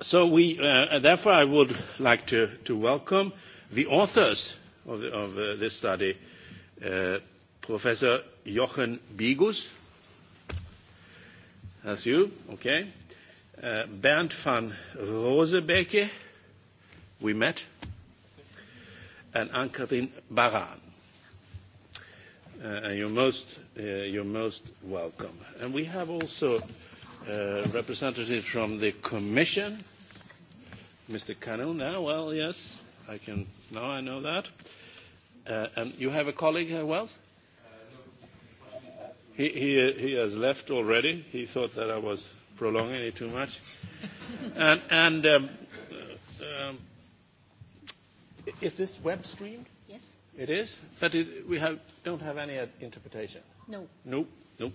So we, uh, therefore, I would like to, to welcome the authors of, the, of uh, this study, uh, Professor Jochen Bigus. That's you, okay. Uh, Bernd van Rosebeke, we met, and Ann-Kathrin Baran. Uh, and you're most, uh, you're most welcome. And we have also uh, representative from the Commission. Mr. Cano now, well, yes, I can, now I know that. Uh, and you have a colleague, uh, Wells? He, he, he has left already. He thought that I was prolonging it too much. and and um, um, is this web streamed? Yes. It is? But it, we have, don't have any interpretation? No. Nope, nope.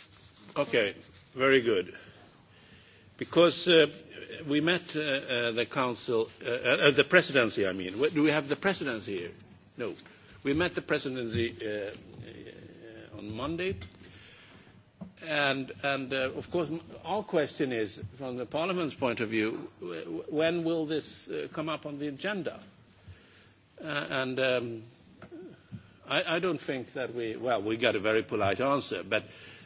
Okay, very good. Because uh, we met uh, uh, the council, uh, uh, the presidency, I mean. Do we have the presidency here? No. We met the presidency uh, uh, on Monday. And, and uh, of course, our question is, from the Parliament's point of view, when will this uh, come up on the agenda? Uh, and um, I, I don't think that we, well, we got a very polite answer, but uh,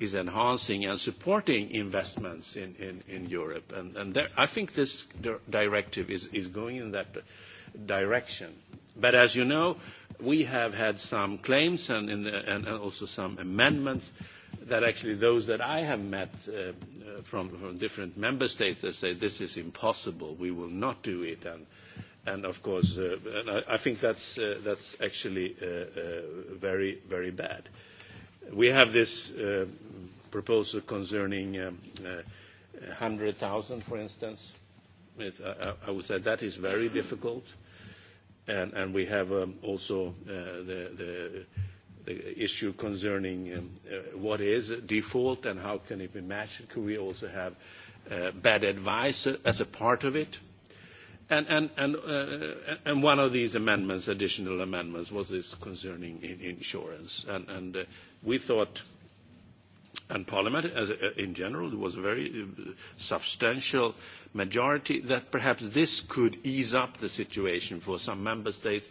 is enhancing and supporting investments in, in, in Europe. And, and there, I think this directive is, is going in that direction. But as you know, we have had some claims and, in the, and also some amendments that actually those that I have met uh, from, from different member states that say this is impossible, we will not do it. And, and of course, uh, and I, I think that's, uh, that's actually uh, uh, very, very bad. Uh, We have this uh, proposal concerning um, uh, 100,000, for instance. It's, I, I would say that is very difficult. And, and we have um, also uh, the, the, the issue concerning um, uh, what is default and how can it be matched. Could we also have uh, bad advice as a part of it? And, and uh, one of these amendments, additional amendments, was this concerning in, insurance. And uh, we thought, and Parliament as, uh, in general, there was a very uh, substantial majority that perhaps this could ease up the situation for some member states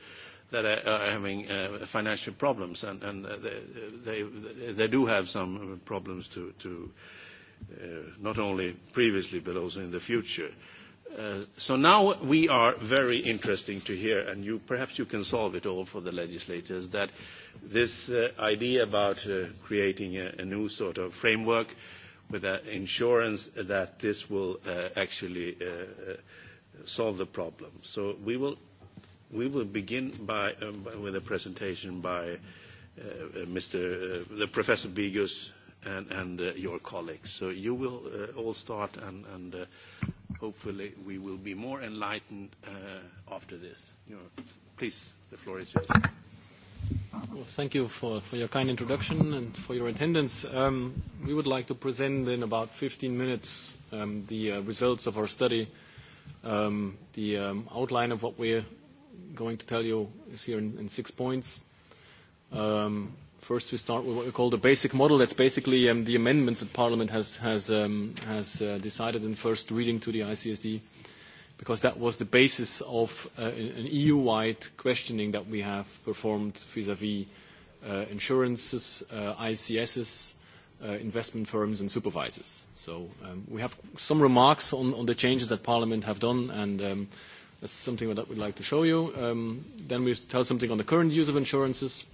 that are, are having uh, financial problems, and, and they, they, they do have some problems to, to uh, not only previously, but also in the future. Uh, Uh, so now we are very interesting to hear, and you, perhaps you can solve it all for the legislators, that this uh, idea about uh, creating a, a new sort of framework with an insurance that this will uh, actually uh, uh, solve the problem. So we will, we will begin by, um, by, with a presentation by uh, uh Mr. Uh, the Professor Bigus and, and uh, your colleagues. So you will uh, all start and, and uh, hopefully we will be more enlightened uh, after this. You know, please, the floor is yours. Well, thank you for, for your kind introduction and for your attendance. Um, we would like to present in about 15 minutes um, the uh, results of our study. Um, the um, outline of what we're going to tell you is here in, in six points. Um, First, we start with what we call the basic model. That's basically um, the amendments that Parliament has, has, um, has uh, decided in first reading to the ICSD, because that was the basis of uh, an EU-wide questioning that we have performed vis-à-vis -vis, uh, insurances, uh, ICSs, uh, investment firms, and supervisors. So um, we have some remarks on, on the changes that Parliament have done, and um, that's something that we'd like to show you. Um, then we tell something on the current use of insurances –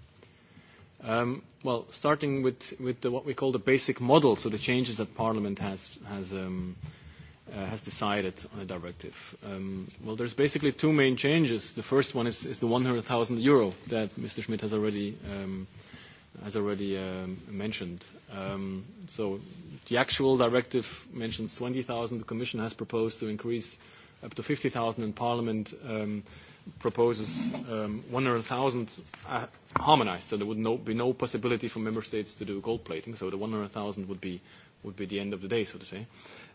Um, well, starting with, with the, what we call the basic model, so the changes that Parliament has, has, um, uh, has decided on a directive. Um, well, there's basically two main changes. The first one is, is the 100,000 euro that Mr. Schmidt has already, um, has already um, mentioned. Um, so the actual directive mentions 20,000. The Commission has proposed to increase up to 50,000 in Parliament. Um, uh, proposes um, 100,000 uh, harmonized, so there would no, be no possibility for member states to do gold plating. So the 100,000 would be would be the end of the day, so to say.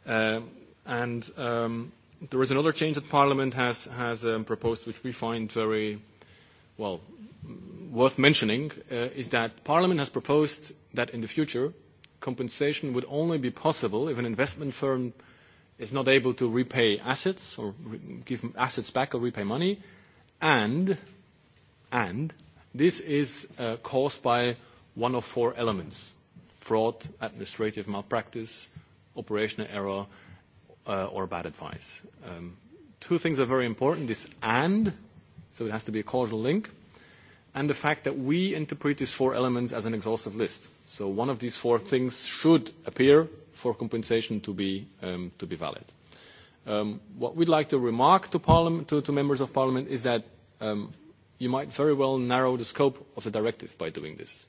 Um, and um, there is another change that Parliament has has um, proposed, which we find very well worth mentioning, uh, is that Parliament has proposed that in the future compensation would only be possible if an investment firm is not able to repay assets or re- give assets back or repay money and, and this is uh, caused by one of four elements: fraud, administrative malpractice, operational error, uh, or bad advice. Um, two things are very important, this and, so it has to be a causal link, and the fact that we interpret these four elements as an exhaustive list. So one of these four things should appear for compensation to be, um, to be valid. Um, what we'd like to remark to, parliament, to, to members of parliament is that um, you might very well narrow the scope of the directive by doing this.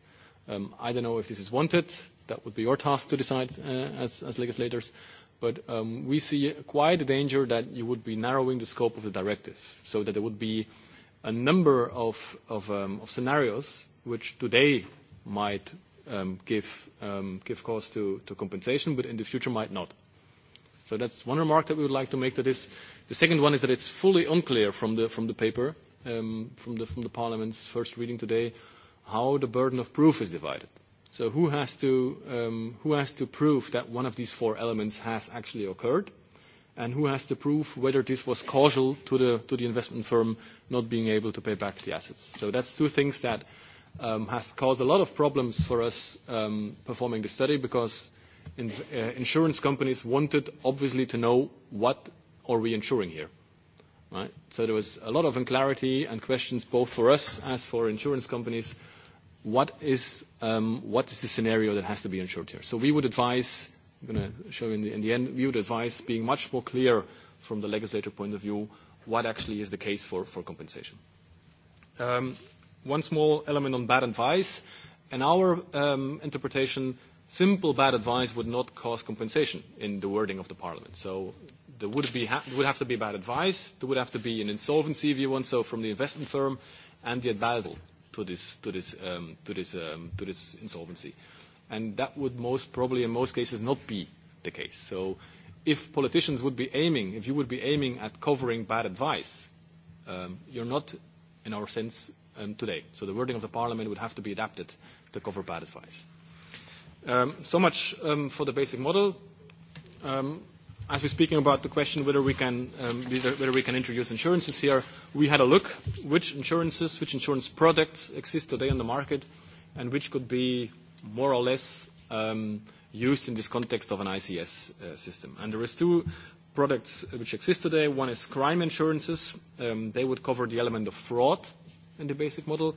Um, I don't know if this is wanted. That would be your task to decide uh, as, as legislators. But um, we see quite a danger that you would be narrowing the scope of the directive so that there would be a number of, of, um, of scenarios which today might um, give, um, give cause to, to compensation, but in the future might not. So that's one remark that we would like to make to this. The second one is that it's fully unclear from the, from the paper, um, from, the, from the Parliament's first reading today, how the burden of proof is divided. So who has to, um, who has to prove that one of these four elements has actually occurred? and who has to prove whether this was causal to the, to the investment firm not being able to pay back the assets. So that's two things that um, has caused a lot of problems for us um, performing the study because in, uh, insurance companies wanted, obviously, to know what are we insuring here, right? So there was a lot of unclarity and questions both for us as for insurance companies. What is, um, what is the scenario that has to be insured here? So we would advise, I'm going to show you in the, in the end, we would advise being much more clear from the legislator point of view what actually is the case for, for compensation. Um, one small element on bad advice. In our um, interpretation, simple bad advice would not cause compensation in the wording of the parliament. So there would, be ha- would have to be bad advice, there would have to be an insolvency, if you want so, from the investment firm, and the advisal to this, to this, um, to this, um, to this insolvency. And that would most probably, in most cases, not be the case. So if politicians would be aiming, if you would be aiming at covering bad advice, um, you're not, in our sense, um, today. So the wording of the parliament would have to be adapted to cover bad advice. Um, so much um, for the basic model. Um, as we're speaking about the question whether we can um, whether we can introduce insurances here, we had a look which insurances, which insurance products exist today on the market, and which could be more or less um, used in this context of an ICS uh, system. And there is two products which exist today. One is crime insurances. Um, they would cover the element of fraud in the basic model,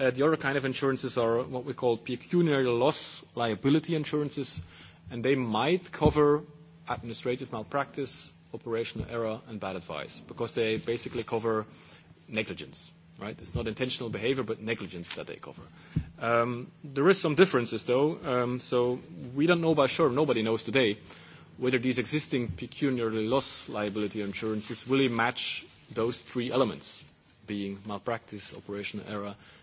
Uh, the other kind of insurances are what we call pecuniary loss liability insurances, and they might cover administrative malpractice, operational error, and bad advice because they basically cover negligence, right? It's not intentional behavior, but negligence that they cover. Um, there is some differences, though. Um, so we don't know by sure, nobody knows today, whether these existing pecuniary loss liability insurances really match those three elements, being malpractice, operational error,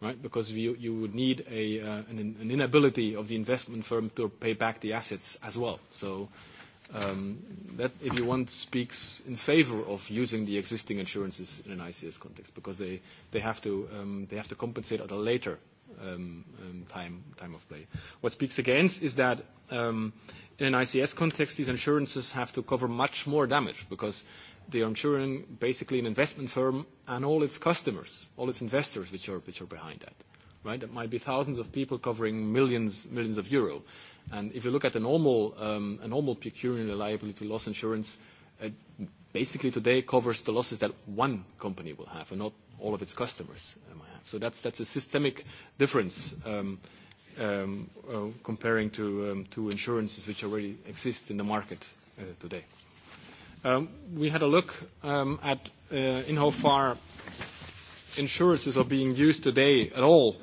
right? Because you, you would need a, uh, an, an inability of the investment firm to pay back the assets as well. So um, that, if you want, speaks in favor of using the existing insurances in an ICS context because they, they, have, to, um, they have to compensate at a later um, um, time, time of play. What speaks against is that um, in an ICS context, these insurances have to cover much more damage because the insuring basically an investment firm and all its customers, all its investors, which are, which are behind that, right? That might be thousands of people covering millions, millions of euro. And if you look at a normal, um, a normal pecuniary liability loss insurance, it basically today covers the losses that one company will have and not all of its customers uh, might have. So that's, that's a systemic difference, um, um, uh, comparing to, um, to insurances which already exist in the market, uh, today. Um, we had a look um, at uh, in how far insurances are being used today at all,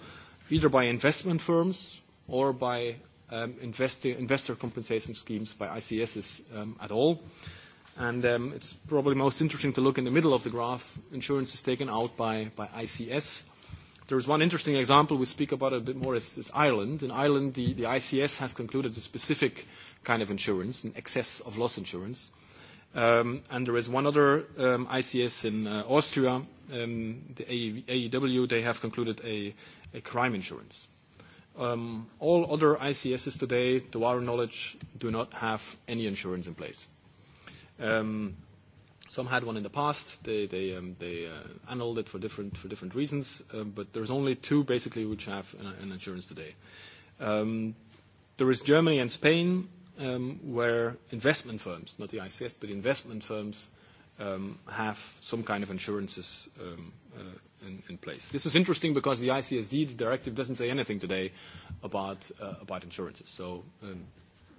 either by investment firms or by um, investi- investor compensation schemes, by ICSs um, at all. And um, it's probably most interesting to look in the middle of the graph. Insurance is taken out by, by ICS. There's one interesting example we speak about a bit more is, is Ireland. In Ireland, the, the ICS has concluded a specific kind of insurance, an excess of loss insurance. Uh, Um, and there is one other um, ICS in uh, Austria, um, the AEW, e they have concluded a, a crime insurance. Um, all other ICSs today, to our knowledge, do not have any insurance in place. Um, some had one in the past. They, they, um, they uh, annulled it for different, for different reasons, but there's only two basically which have an, an insurance today. There is Germany and Spain, um, where investment firms, not the ICS, but investment firms um, have some kind of insurances um, uh, in, in place. This is interesting because the ICSD directive doesn't say anything today about, uh, about insurances. So um,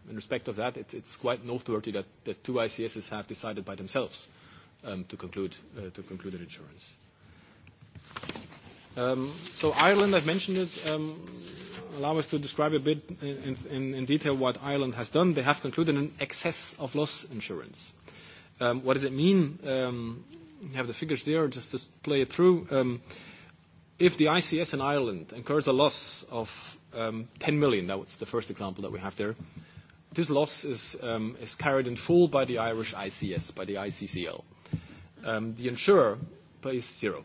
in respect of that, it, it's quite noteworthy that, that two ICSs have decided by themselves um, to, conclude, uh, to conclude an insurance. Um, so Ireland, I've mentioned it. Um, allow us to describe a bit in, in, in detail what Ireland has done. They have concluded an excess of loss insurance. Um, what does it mean? Um, you have the figures there, just to play it through. Um, if the ICS in Ireland incurs a loss of um, 10 million, that's the first example that we have there, this loss is, um, is carried in full by the Irish ICS, by the ICCL. Um, the insurer pays zero.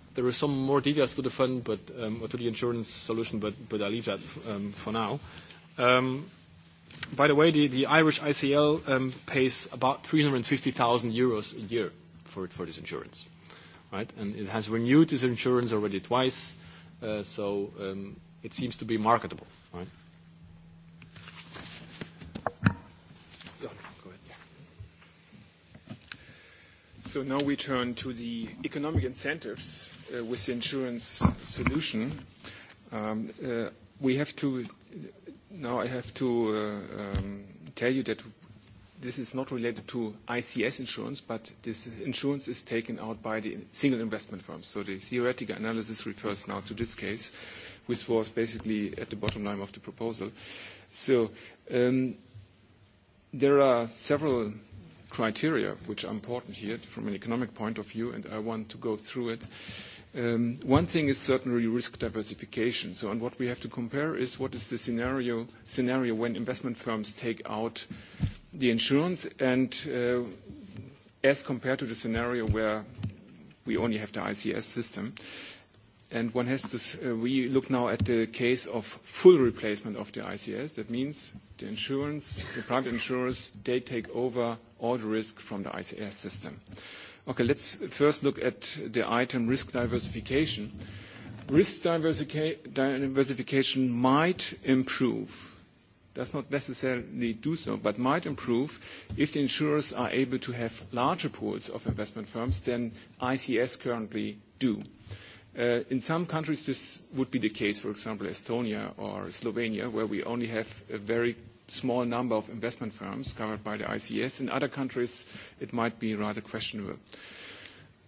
There are some more details to the fund, but um, or to the insurance solution, but but I leave that um, for now. Um, by the way, the, the Irish ICL um, pays about 350,000 euros a year for for this insurance, right? And it has renewed this insurance already twice, uh, so um, it seems to be marketable, right? So now we turn to the economic incentives uh, with the insurance solution. Um, uh, we have to now I have to uh, um, tell you that this is not related to ICS insurance, but this insurance is taken out by the single investment firms. So the theoretical analysis refers now to this case, which was basically at the bottom line of the proposal. So um, there are several criteria which are important here from an economic point of view, and I want to go through it. Um, one thing is certainly risk diversification. So, and what we have to compare is what is the scenario, scenario when investment firms take out the insurance and uh, as compared to the scenario where we only have the ICS system. Uh, And one has to, uh, we look now at the case of full replacement of the ICS. That means the insurance, the private insurers, they take over all the risk from the ICS system. Okay, let's first look at the item risk diversification. Risk diversification might improve, does not necessarily do so, but might improve if the insurers are able to have larger pools of investment firms than ICS currently do. Uh, Uh, in some countries, this would be the case, for example, Estonia or Slovenia, where we only have a very small number of investment firms covered by the ICS. In other countries, it might be rather questionable.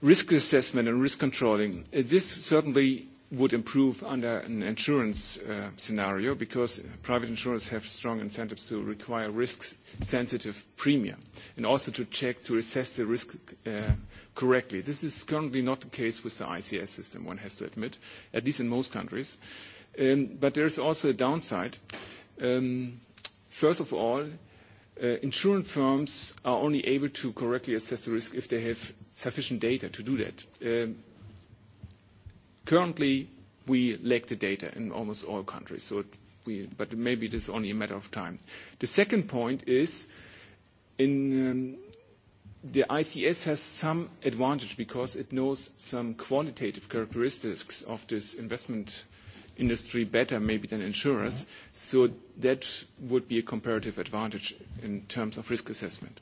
Risk assessment and risk controlling. Uh, this certainly would improve under an insurance uh, scenario because private insurers have strong incentives to require risk-sensitive premium and also to check, to assess the risk uh, correctly. This is currently not the case with the ICS system, one has to admit, at least in most countries. Um, but there is also a downside. Um, first of all, uh, insurance firms are only able to correctly assess the risk if they have sufficient data to do that. Um, Currently, we lack the data in almost all countries, so it, we, but maybe it is only a matter of time. The second point is in um, the ICS has some advantage because it knows some qualitative characteristics of this investment industry better maybe than insurers. So that would be a comparative advantage in terms of risk assessment.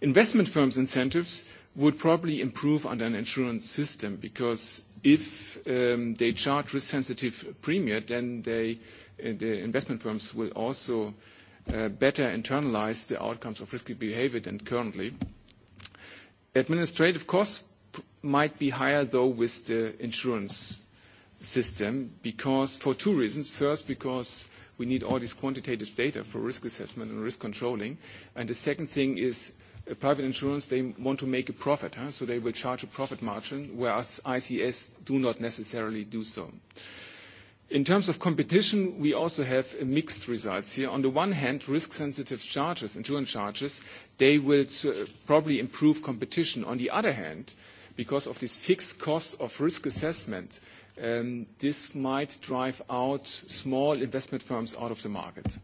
Investment firms' incentives would probably improve under an insurance system because if um, they charge risk-sensitive premium, then they, uh, the investment firms will also uh, better internalize the outcomes of risky behavior than currently. Administrative costs might be higher, though, with the insurance system because for two reasons. First, because we need all this quantitative data for risk assessment and risk controlling. And the second thing is private insurance, they want to make a profit, huh? so they will charge a profit margin, whereas ICS do not necessarily do so. In terms of competition, we also have mixed results here. On the one hand, risk-sensitive charges, insurance charges, they will uh, probably improve competition. On the other hand, because of this fixed cost of risk assessment, um, this might drive out small investment firms out of the market. Uh,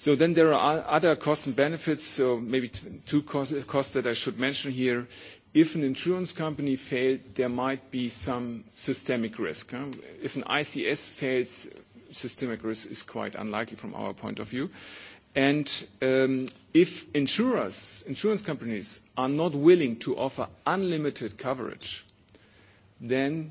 So then there are other costs and benefits, so maybe two costs that I should mention here. If an insurance company failed, there might be some systemic risk. Huh? If an ICS fails, systemic risk is quite unlikely from our point of view. And um, if insurers, insurance companies are not willing to offer unlimited coverage, then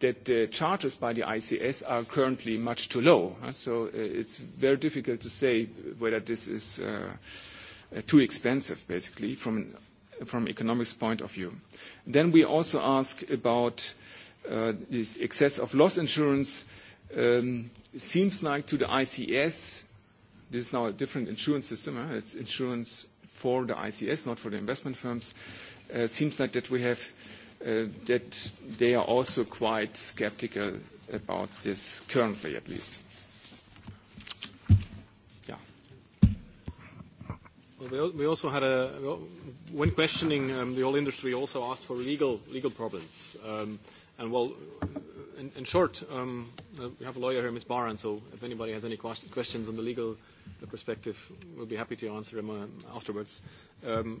that the charges by the ICS are currently much too low. Uh, so uh, it's very difficult to say whether this is uh, too expensive, basically, from an economics point of view. Then we also ask about this excess of loss insurance. Um, seems like to the ICS, this is now a different insurance system. Huh? It's insurance for the ICS, not for the investment firms. Uh, seems like that we have uh, uh, that they are also quite skeptical about this currently, at least. Yeah. Well, we also had a... When questioning um, the oil industry, also asked for legal, legal problems. Um, and well, in, in short, um, uh, we have a lawyer here, Ms. Baran, so if anybody has any questions on the legal perspective, we'll be happy to answer them uh, afterwards. Um,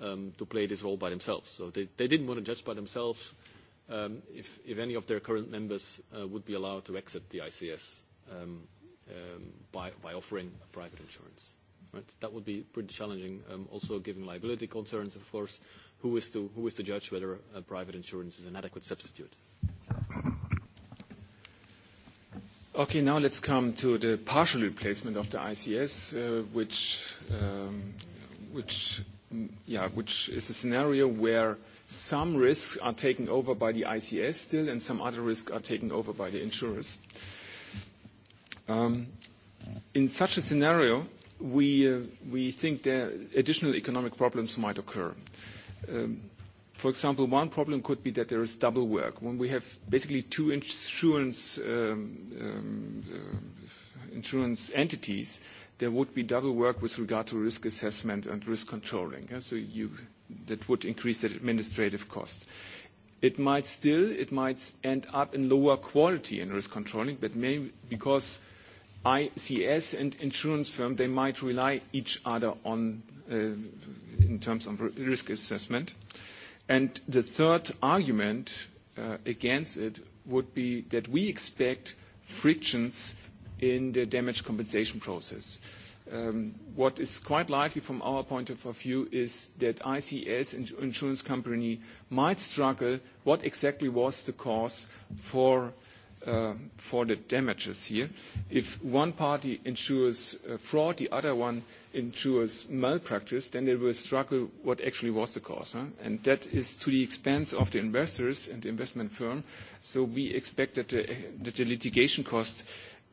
um, to play this role by themselves. So they, they didn't want to judge by themselves um, if, if any of their current members uh, would be allowed to exit the ICS um, um, by, by offering private insurance. Right? That would be pretty challenging, um, also given liability concerns, of course. Who is to, who is to judge whether uh, private insurance is an adequate substitute? Okay, now let's come to the partial replacement of the ICS, uh, which, um, which yeah, which is a scenario where some risks are taken over by the ICS still, and some other risks are taken over by the insurers. Um, in such a scenario, we, uh, we think there additional economic problems might occur. Um, for example, one problem could be that there is double work. When we have basically two insurance, um, um uh, insurance entities, there would be double work with regard to risk assessment and risk controlling. Yeah? So you, that would increase the administrative cost. It might still, it might end up in lower quality in risk controlling, but maybe because ICS and insurance firm, they might rely each other on, uh, in terms of risk assessment. And the third argument uh, against it would be that we expect frictions in the damage compensation process. Um, what is quite likely from our point of view is that ICS insurance company might struggle what exactly was the cause for, uh, for the damages here. If one party insures uh, fraud, the other one insures malpractice, then they will struggle what actually was the cause. Huh? And that is to the expense of the investors and the investment firm. So we expect that the, that the litigation cost uh,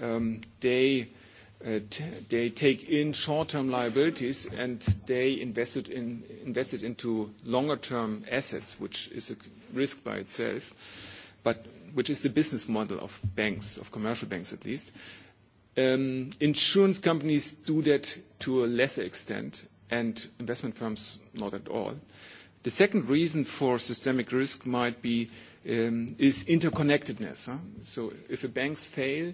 um, they uh, t- they take in short-term liabilities and they invest it in invest it into longer-term assets, which is a risk by itself, but which is the business model of banks, of commercial banks at least. Um, insurance companies do that to a lesser extent, and investment firms not at all. The second reason for systemic risk might be um, is interconnectedness. Huh? So if a banks fail,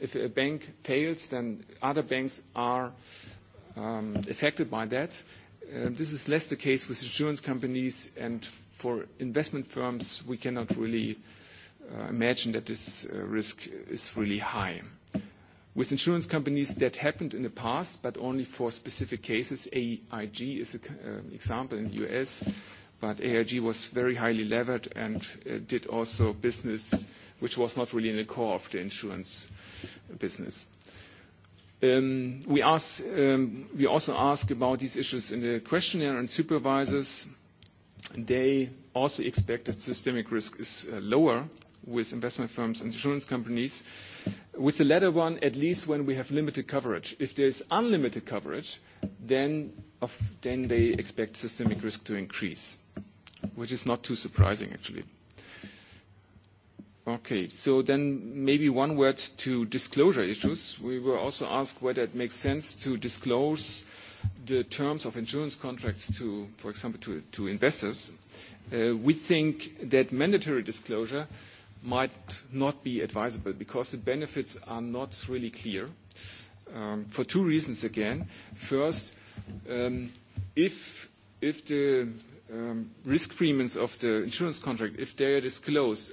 if a bank fails, then other banks are um, affected by that. Uh, this is less the case with insurance companies, and for investment firms, we cannot really uh, imagine that this uh, risk is really high. With insurance companies, that happened in the past, but only for specific cases. AIG is an uh, example in the U.S., but AIG was very highly levered and uh, did also business which was not really in the core of the insurance business. Um, we, ask, um, we also ask about these issues in the questionnaire, and supervisors, they also expect that systemic risk is uh, lower with investment firms and insurance companies. With the latter one, at least when we have limited coverage. If there's unlimited coverage, then, of, then they expect systemic risk to increase, which is not too surprising, actually. Okay. So then maybe one word to disclosure issues. We were also asked whether it makes sense to disclose the terms of insurance contracts to, for example, to, to investors. Uh, we think that mandatory disclosure might not be advisable because the benefits are not really clear, um, for two reasons again. First, um, if, if the um, risk premiums of the insurance contract, if they are disclosed,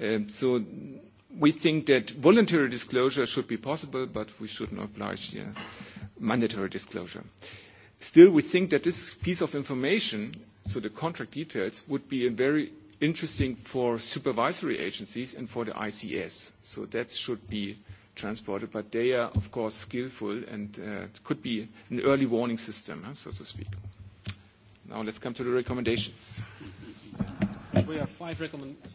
Um, so we think that voluntary disclosure should be possible, but we should not oblige yeah, mandatory disclosure. Still, we think that this piece of information, so the contract details, would be a very interesting for supervisory agencies and for the ICS. So that should be transported, but they are, of course, skillful and uh, could be an early warning system, huh, so to speak. Now let's come to the recommendations. We have five recommendations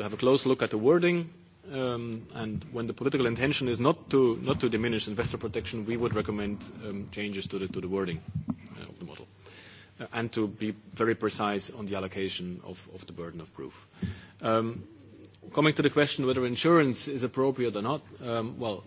to have a close look at the wording. Um, and when the political intention is not to, not to diminish investor protection, we would recommend um, changes to the, to the wording uh, of the model uh, and to be very precise on the allocation of, of the burden of proof. Um, coming to the question whether insurance is appropriate or not, um, well,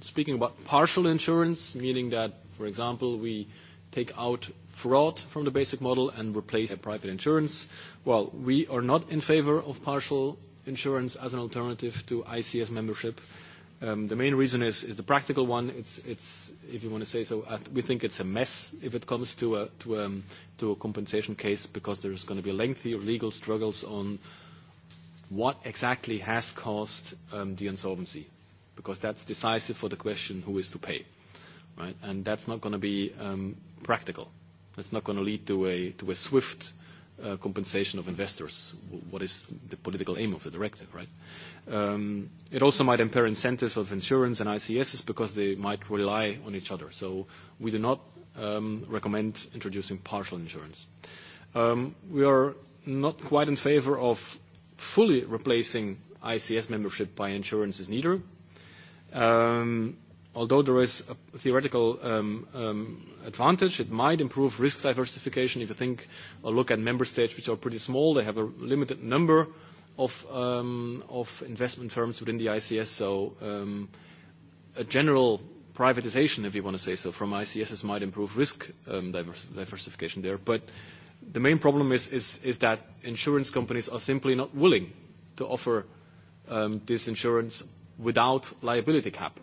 speaking about partial insurance, meaning that, for example, we take out fraud from the basic model and replace it private insurance, well, we are not in favor of partial insurance as an alternative to ICS membership. Um, the main reason is, is the practical one. It's, it's, if you want to say so, uh, we think it's a mess if it comes to a, to, um, to a compensation case because there's going to be lengthy legal struggles on what exactly has caused um, the insolvency, because that's decisive for the question who is to pay, right? And that's not going to be um, practical. That's not going to lead to a, to a swift uh, compensation of investors. What is the political aim of the directive, right? Um, it also might impair incentives of insurance and ICSs because they might rely on each other. So we do not um, recommend introducing partial insurance. Um, we are not quite in favor of fully replacing ICS membership by insurances neither. Um, although there is a theoretical um, um, advantage, it might improve risk diversification. If you think or look at member states which are pretty small, they have a limited number of, um, of investment firms within the ICS. So um, a general privatization, if you want to say so, from ICSs might improve risk um, divers diversification there. But the main problem is, is, is that insurance companies are simply not willing to offer um, this insurance without liability cap. Uh,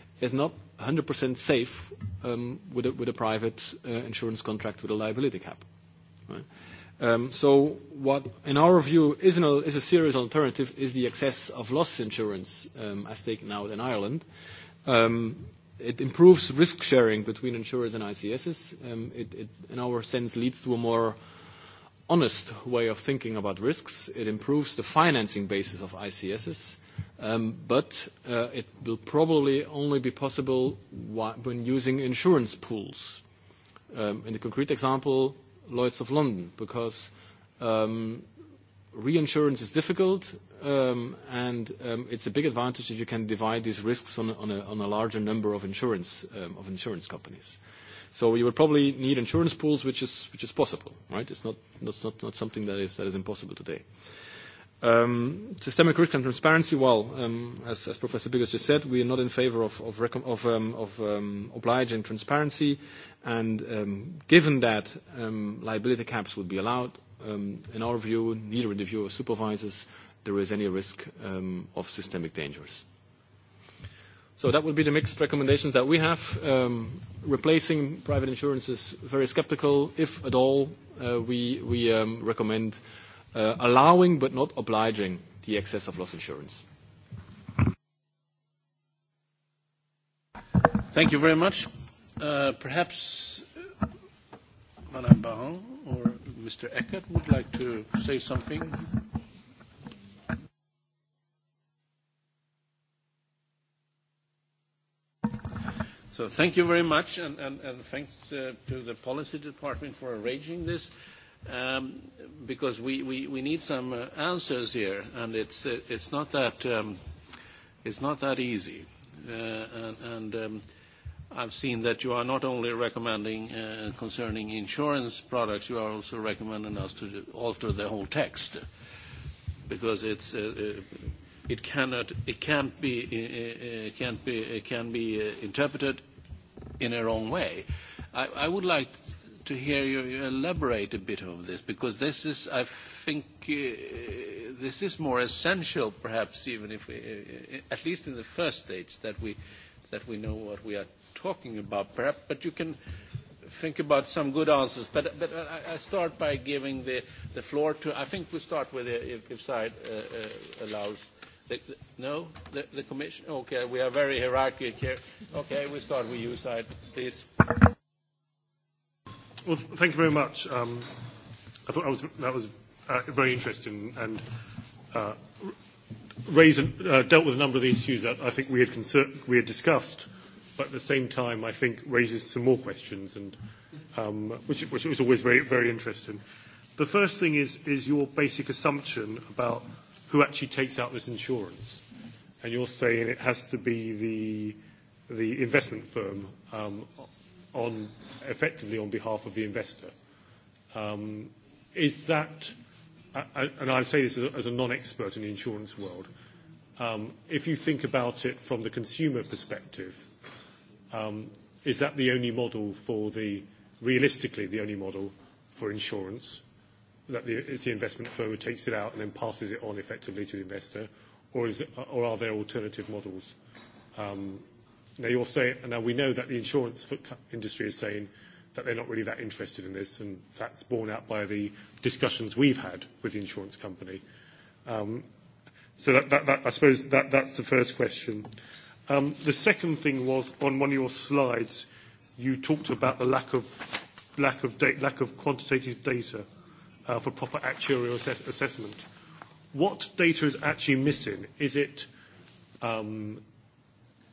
is not 100% safe um, with, a, with a private uh, insurance contract with a liability cap. Right? Um, so what, in our view, is, an, is a serious alternative is the excess of loss insurance um, as taken out in Ireland. Um, it improves risk sharing between insurers and ICSs. Um, it, it, in our sense, leads to a more honest way of thinking about risks. It improves the financing basis of ICSs. Um, but uh, it will probably only be possible when using insurance pools. Um, in the concrete example, Lloyd's of London, because um, reinsurance is difficult, um, and um, it's a big advantage if you can divide these risks on, on, a, on a larger number of insurance, um, of insurance companies. So you would probably need insurance pools, which is, which is possible, right? It's not, not, not something that is, that is impossible today. Um, systemic risk and transparency, well, um, as, as Professor Biggers just said, we are not in favor of, of, recom- of, um, of um, obliging transparency. And um, given that um, liability caps would be allowed, um, in our view, neither in the view of supervisors, there is any risk um, of systemic dangers. So that would be the mixed recommendations that we have. Um, replacing private insurance is very skeptical. If at all, uh, we, we um, recommend uh, uh, allowing but not obliging the excess of loss insurance. Thank you very much. Uh, perhaps uh, Madame Baron or Mr. Eckert would like to say something. So thank you very much, and, and, and thanks uh, to the policy department for arranging this um, because we, we, we need some uh, answers here, and it's, uh, it's, not, that, um, it's not that easy. Uh, and and um, I've seen that you are not only recommending uh, concerning insurance products, you are also recommending us to alter the whole text because it's, uh, uh it, cannot, it can't be, uh, uh, uh can't be, it can be uh, interpreted in a wrong way. I, I would like to hear you elaborate a bit on this, because this is, I think, uh, this is more essential, perhaps, even if we, uh, at least in the first stage, that we, that we know what we are talking about, perhaps. But you can think about some good answers. But, but I, I start by giving the, the floor to, I think we start with, the, uh, if, if side uh, uh, allows, The, the, no? The, the commission? Okay, we are very hierarchic here. Okay, we start with you, side, please. Well, thank you very much. Um, I thought was, that was uh, very interesting and uh, raised and, uh, dealt with a number of the issues that I think we had, concern, we had discussed, but at the same time, I think raises some more questions, and, um, which, which was always very, very interesting. The first thing is, is your basic assumption about who actually takes out this insurance. And you're saying it has to be the, the investment firm um, on effectively on behalf of the investor. Um, is that, and I say this as a non-expert in the insurance world, um, if you think about it from the consumer perspective, um, is that the only model for the, realistically, the only model for insurance? That the, it's the investment firm who takes it out and then passes it on effectively to the investor, or, is it, or are there alternative models um, Now you're saying, and now we know that the insurance industry is saying that they're not really that interested in this, and that's borne out by the discussions we've had with the insurance company. Um, so that, that, that, I suppose that, that's the first question. Um, the second thing was on one of your slides, you talked about the lack of, lack of, da- lack of quantitative data uh, for proper actuarial assess- assessment. What data is actually missing? Is it um,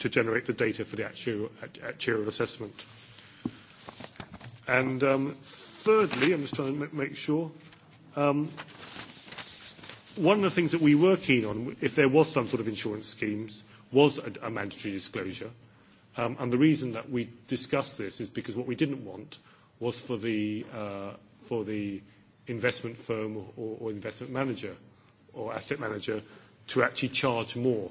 to generate the data for the actual, actuarial assessment. And um, thirdly, I'm just trying to make sure, um, one of the things that we were keen on, if there was some sort of insurance schemes, was a, a mandatory disclosure. Um, and the reason that we discussed this is because what we didn't want was for the, uh, for the investment firm or, or investment manager or asset manager to actually charge more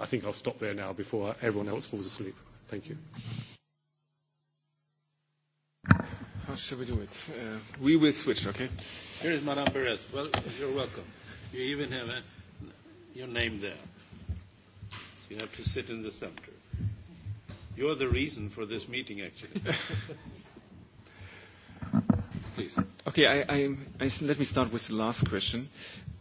I think I'll stop there now before everyone else falls asleep. Thank you. How should we do it? Uh, we will switch, okay? Here is Madame Perez. Well, you're welcome. You even have a, your name there. So you have to sit in the center. You're the reason for this meeting, actually. please. Okay, I, I, I, let me start with the last question.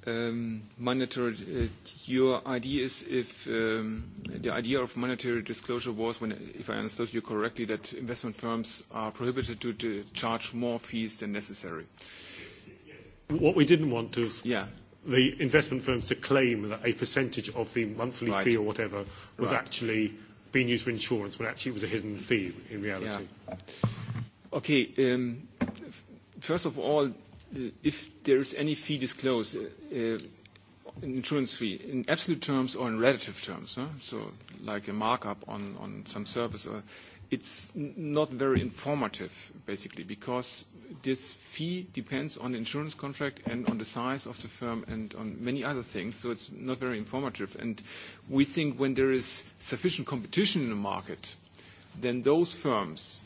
Um, mandatory, uh, your idea is if um, the idea of mandatory disclosure was, when, if I understood you correctly, that investment firms are prohibited to, to charge more fees than necessary. What we didn't want is yeah the investment firms to claim that a percentage of the monthly right. fee or whatever was right. actually being used for insurance when actually it was a hidden fee in reality. Yeah. Okay. Um, first of all, uh, if there is any fee disclosed, uh, uh, insurance fee, in absolute terms or in relative terms, huh? so like a markup on, on some service, or it's not very informative, basically, because this fee depends on the insurance contract and on the size of the firm and on many other things, so it's not very informative. And we think when there is sufficient competition in the market, then those firms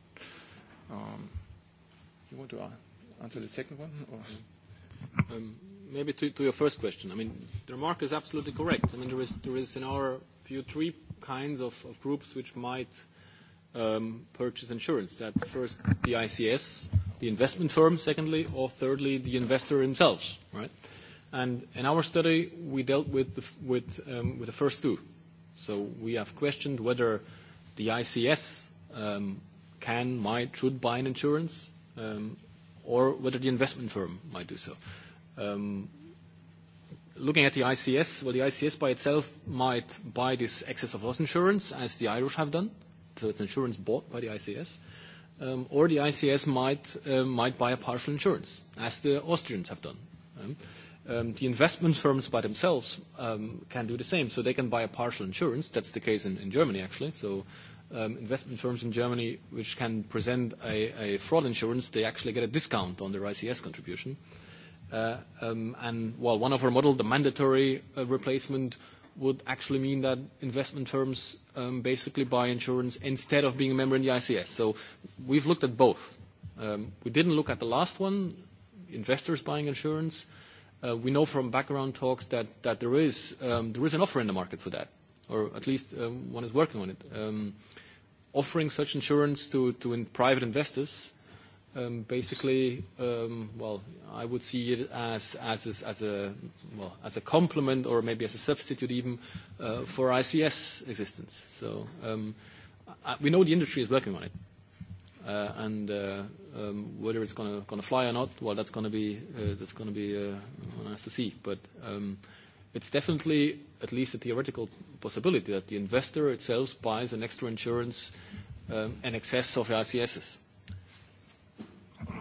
Um, you want to uh, answer the second one? Or? Um, maybe to, to your first question. I mean, the remark is absolutely correct. I mean, there is, there is in our view, three kinds of, of groups which might um, purchase insurance. That first, the ICS, the investment firm, secondly, or thirdly, the investor themselves, right? And in our study, we dealt with the, with, um, with the first two. So we have questioned whether the ICS um, can, might, should buy an insurance, um, or whether the investment firm might do so. Um, looking at the ICS, well, the ICS by itself might buy this excess of loss insurance, as the Irish have done. So it's insurance bought by the ICS. Um, or the ICS might, uh, might buy a partial insurance, as the Austrians have done. Um, um, the investment firms by themselves um, can do the same. So they can buy a partial insurance. That's the case in, in Germany, actually. So um, investment firms in Germany which can present a, a fraud insurance, they actually get a discount on their ICS contribution. Uh, um, and while one of our model, the mandatory uh, replacement, would actually mean that investment firms um, basically buy insurance instead of being a member in the ICS. So we've looked at both. Um, we didn't look at the last one, investors buying insurance. Uh, we know from background talks that, that there, is, um, there is an offer in the market for that or at least um, one is working on it. Um, offering such insurance to, to in private investors, um, basically, um, well, I would see it as, as, as, a, well, as a complement or maybe as a substitute even uh, for ICS existence. So um, I, we know the industry is working on it. Uh, and uh, um, whether it's gonna, gonna fly or not, well, that's gonna be, uh, that's gonna be uh, one has to see. But um, it's definitely, at least a theoretical possibility that the investor itself buys an extra insurance um, in excess of ICSs.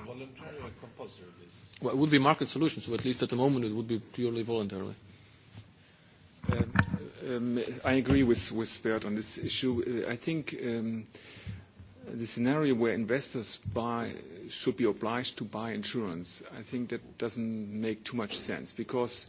Voluntary or compulsory basis? Well, it would be market solutions, so at least at the moment it would be purely voluntarily. Um, um, I agree with, with Bert on this issue. Uh, I think um, the scenario where investors buy should be obliged to buy insurance, I think that doesn't make too much sense because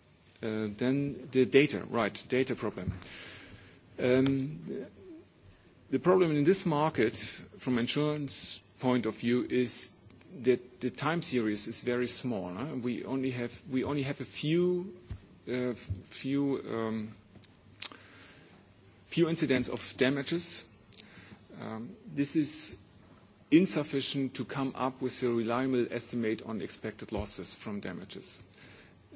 Uh, then the data, right, data problem. Um, the problem in this market from insurance point of view is that the time series is very small. Huh? We only have, we only have a few, uh, few, um, few incidents of damages. Um, this is insufficient to come up with a reliable estimate on expected losses from damages.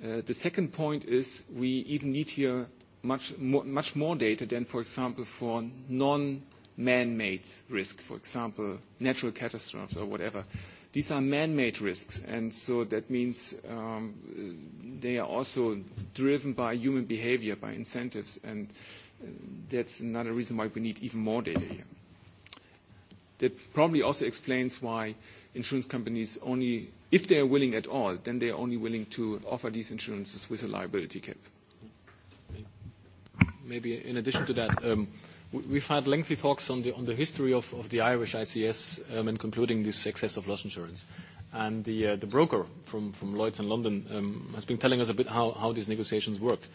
Uh, the second point is we even need here much more, much more data than, for example, for non-man-made risk, for example, natural catastrophes or whatever. These are man-made risks, and so that means um, they are also driven by human behavior, by incentives, and uh, that's another reason why we need even more data here. That probably also explains why uh, insurance companies only, if they are willing at all, then they are only willing to offer these insurances with a liability cap. Maybe in addition to that, um, we've had lengthy talks on the, on the history of, of the Irish ICS um, and concluding this excess of loss insurance. And the, uh, the broker from, from Lloyd's in London um, has been telling us a bit how, how these negotiations worked.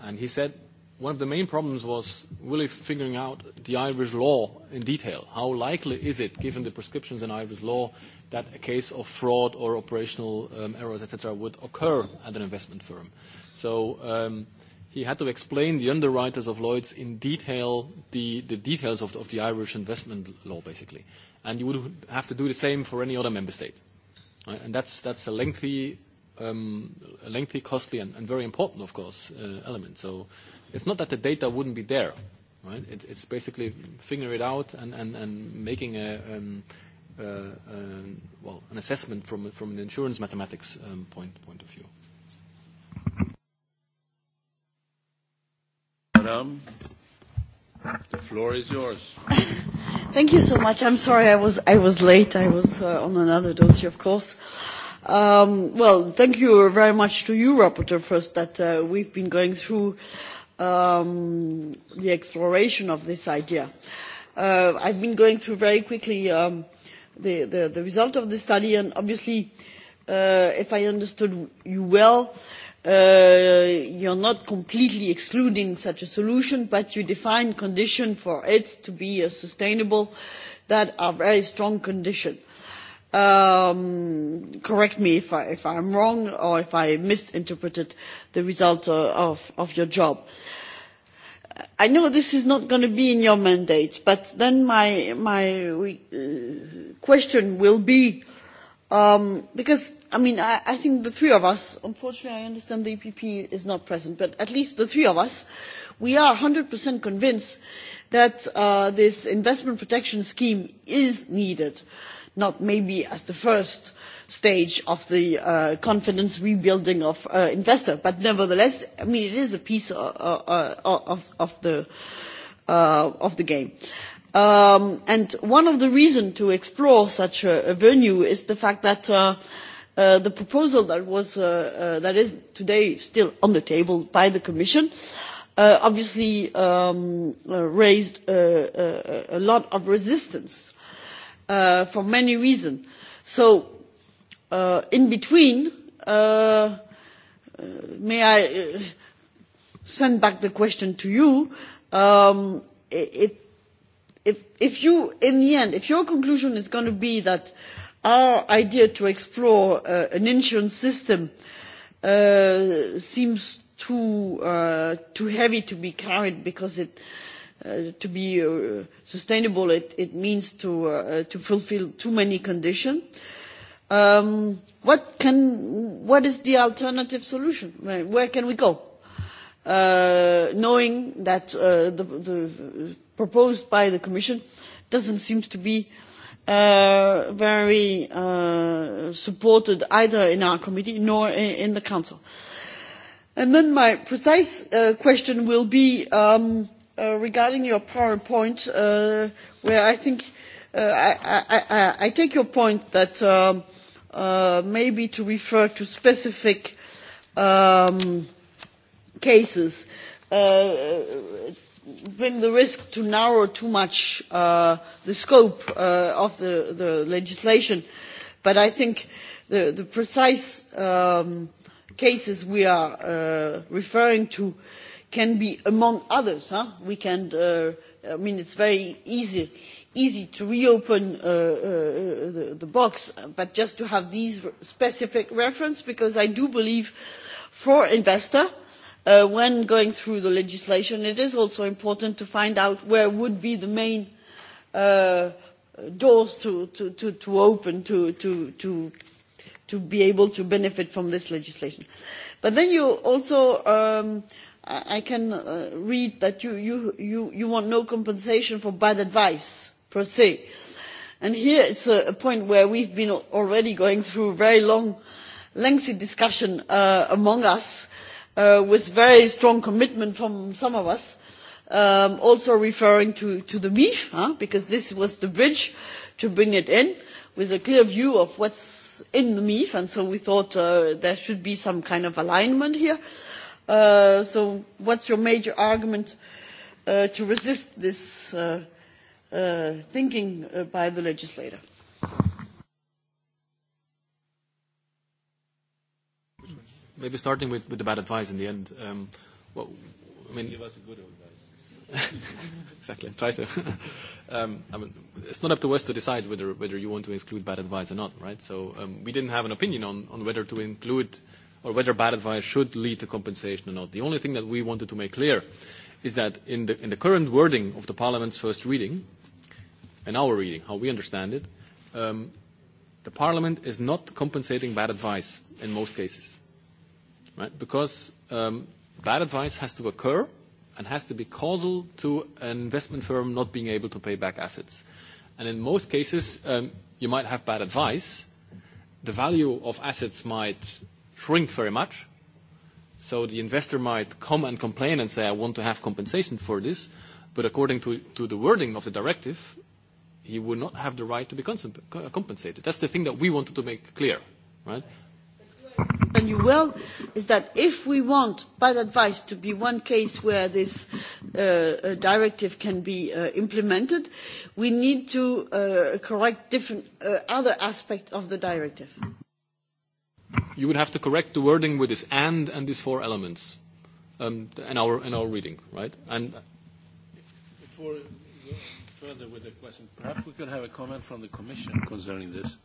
And he said one of the main problems was really figuring out the Irish law in detail. How likely is it, given the prescriptions in Irish law, that a case of fraud or operational um, errors, etc., would occur at an investment firm? So um, he had to explain the underwriters of Lloyd's in detail the, the details of the, of the Irish investment law, basically. And you would have to do the same for any other member state. Right? And that's, that's a lengthy um, lengthy, costly, and, and very important, of course, uh, element. So it's not that the data wouldn't be there, right? It, it's basically figuring it out and, and, and making a, um, uh, um, well, an assessment from, from an insurance mathematics um, point, point of view. Madam, the floor is yours. Thank you so much. I'm sorry I was, I was late. I was uh, on another dossier, of course. Uh, Um, well, thank you very much to you, Rapporteur, first that uh, we've been going through um, the exploration of this idea. Uh, I've been going through very quickly um, the, the, the result of the study, and obviously, uh, if I understood you well, uh, you're not completely excluding such a solution, but you define conditions for it to be uh, sustainable that are very strong conditions. Uh, um, correct me if, I, if I'm wrong or if I misinterpreted the results uh, of, of your job. I know this is not going to be in your mandate, but then my, my uh, question will be, um, because, I mean, I, I think the three of us, unfortunately I understand the EPP is not present, but at least the three of us, we are 100% convinced that uh, this investment protection scheme is needed. Uh, not maybe as the first stage of the uh, confidence rebuilding of uh, investors but nevertheless I mean, it is a piece uh, uh, uh, of, of, of, the, uh, of the game. Um, and one of the reasons to explore such a, a venue is the fact that uh, uh, the proposal that, was, uh, uh, that is today still on the table by the commission uh, obviously um, uh, raised uh, uh, a lot of resistance uh, for many reasons. So, uh, in between, uh, uh, may I uh, send back the question to you? Um, if, if, if you, in the end, if your conclusion is going to be that our idea to explore uh, an insurance system uh, seems too, uh, too heavy to be carried because it uh, Uh, to be uh, sustainable, it, it means to, uh, uh, to fulfill too many conditions. Um, what, can, what is the alternative solution? Where, where can we go? Uh, knowing that uh, the, the proposed by the Commission doesn't seem to be uh, very uh, supported either in our committee nor in, in the Council. And then my precise uh, question will be um, uh, regarding your PowerPoint, uh, where I think uh, I, I, I take your point that um, uh, maybe to refer to specific um, cases uh, bring the risk to narrow too much uh, the scope uh, of the, the legislation. But I think the, the precise um, cases we are uh, referring to uh, can be among others huh? we can uh, i mean it's very easy easy to reopen uh, uh, uh the, the box but just to have these specific references because i do believe for investors uh, when going through the legislation it is also important to find out where would be the main uh, doors to, to, to, to open to be able to benefit from this legislation. but then you also um, I can uh, read that you, you, you, you want no compensation for bad advice, per se. And here it's a, a point where we've been already going through a very long, lengthy discussion uh, among us, uh, with very strong commitment from some of us, um, also referring to, to the MIF, huh? because this was the bridge to bring it in, with a clear view of what's in the MIF, and so we thought uh, there should be some kind of alignment here. Uh, Uh, so what's your major argument uh, to resist this uh, uh, thinking uh, by the legislator? Maybe starting with, with the bad advice in the end. Um, what, I mean, give us a good advice. exactly. Try to. um, I mean, it's not up to us to decide whether whether you want to include bad advice or not, right? So um, we didn't have an opinion on, on whether to include uh, or whether bad advice should lead to compensation or not. The only thing that we wanted to make clear is that in the, in the current wording of the Parliament's first reading, in our reading, how we understand it, um, the Parliament is not compensating bad advice in most cases, right? Because um, bad advice has to occur and has to be causal to an investment firm not being able to pay back assets. And in most cases, um, you might have bad advice. The value of assets might shrink very much. So the investor might come and complain and say, "I want to have compensation for this," but according to, to the wording of the directive, he would not have the right to be compensated. That's the thing that we wanted to make clear, right? And you will, is that if we want bad advice to be one case where this uh, uh directive can be uh, implemented, we need to uh, correct different uh, other aspects of the directive. Mm-hmm you would have to correct the wording with this and and these four elements um, in, our, in our reading, right? And uh, Before going further with the question, perhaps we could have a comment from the Commission concerning this.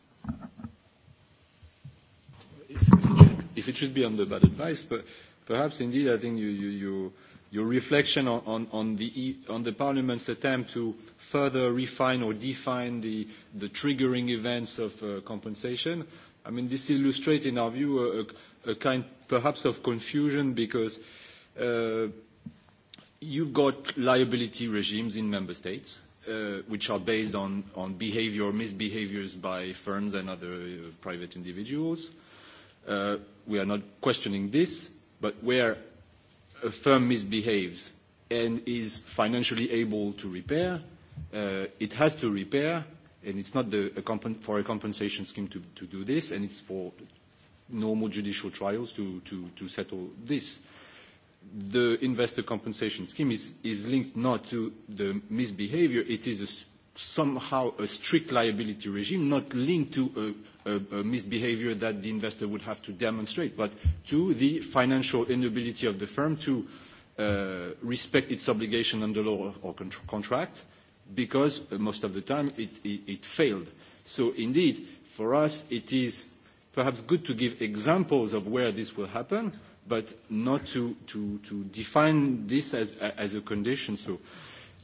If, if, it, should, if it should be on the bad advice, but perhaps indeed I think you, you, you, your reflection on, on, on, the, e, on the Parliament's attempt to further refine or define the, the triggering events of uh, compensation I mean, this illustrates, in our view, a, a kind perhaps of confusion because uh, you've got liability regimes in member states, uh, which are based on, on behavior or misbehaviors by firms and other uh, private individuals. Uh, we are not questioning this, but where a firm misbehaves and is financially able to repair, uh, it has to repair And it's not the, a comp- for a compensation scheme to, to do this, and it's for normal judicial trials to, to, to settle this. The investor compensation scheme is, is linked not to the misbehavior, it is a, somehow a strict liability regime, not linked to a, a, a misbehavior that the investor would have to demonstrate, but to the financial inability of the firm to uh, respect its obligation under law or, or con- contract, uh, because most of the time it, it, it failed. So indeed, for us, it is perhaps good to give examples of where this will happen, but not to, to, to define this as, as a condition. So,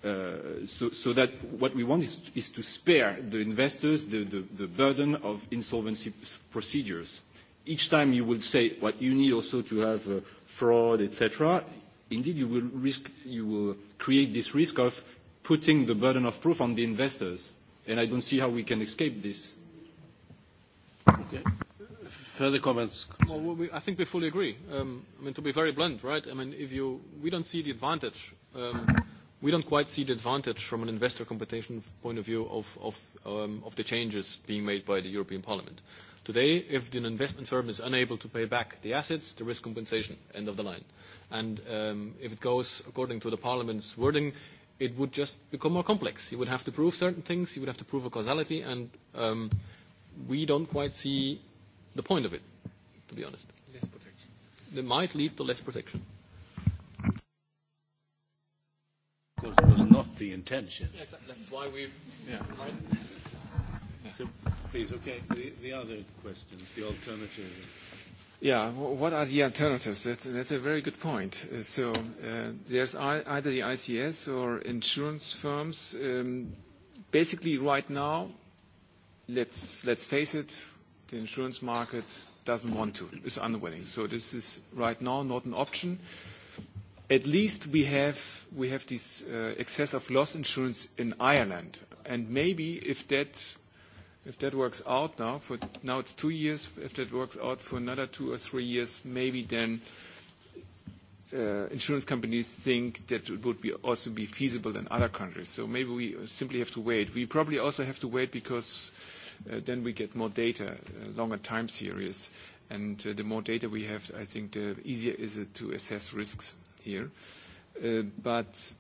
uh, so, so that what we want is, is to spare the investors the, the, the burden of insolvency procedures. Each time you will say what you need also to have uh, fraud, etc., indeed you will, risk, you will create this risk of putting the burden of proof on the investors, and I don't see how we can escape this. Okay. Further comments? Well, we, I think we fully agree. Um, I mean, to be very blunt, right? I mean, if you... We don't see the advantage, um, we don't quite see the advantage from an investor competition point of view of, of, um, of the changes being made by the European Parliament. Today, if an investment firm is unable to pay back the assets, there is compensation, end of the line. And, um, if it goes according to the Parliament's wording, it would just become more complex. You would have to prove certain things, you would have to prove a causality, and um, we don't quite see the point of it, to be honest. Less protection. They might lead to less protection. Because that was not the intention. Yeah, exactly. That's why we... Yeah. Right? yeah. So, please, okay, the, the other questions, the alternative. Yeah. What are the alternatives? That's, that's a very good point. Uh, so, uh, there's either the ICS or insurance firms. Um, basically, right now, let's, let's face it, the insurance market doesn't want to, is unwilling. So this is right now not an option. At least we have, we have this uh, excess of loss insurance in Ireland, and maybe if that If that works out now, for now it's two years. If that works out for another two or three years, maybe then uh, insurance companies think that it would be also be feasible in other countries. So maybe we simply have to wait. We probably also have to wait because uh, then we get more data, uh, longer time series. And uh, the more data we have, I think the easier is it to assess risks here. Uh, but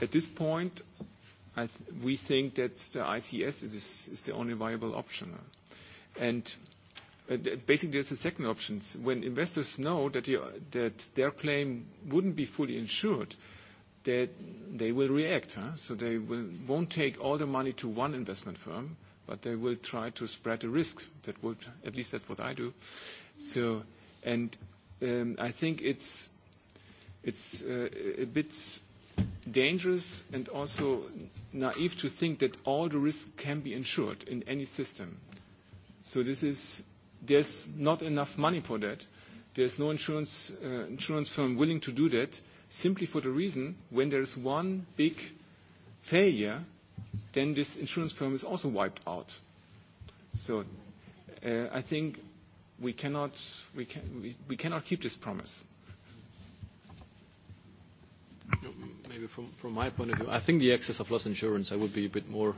at this point, I th we think that the ICS is, is the only viable option. And uh, basically, there's a second option. When investors know that, you, that their claim wouldn't be fully insured, that they will react. Huh? So they will, won't take all the money to one investment firm, but they will try to spread the risk. That would, at least that's what I do. So, and um, I think it's it's uh, a bit dangerous and also naive to think that all the risks can be insured in any system. So this is, there's not enough money for that. There's no insurance, uh, insurance firm willing to do that simply for the reason when there is one big failure, then this insurance firm is also wiped out. So uh, I think we cannot, we, can, we, we cannot keep this promise. Maybe from, from my point of view, I think the excess of loss insurance, I would be a bit more.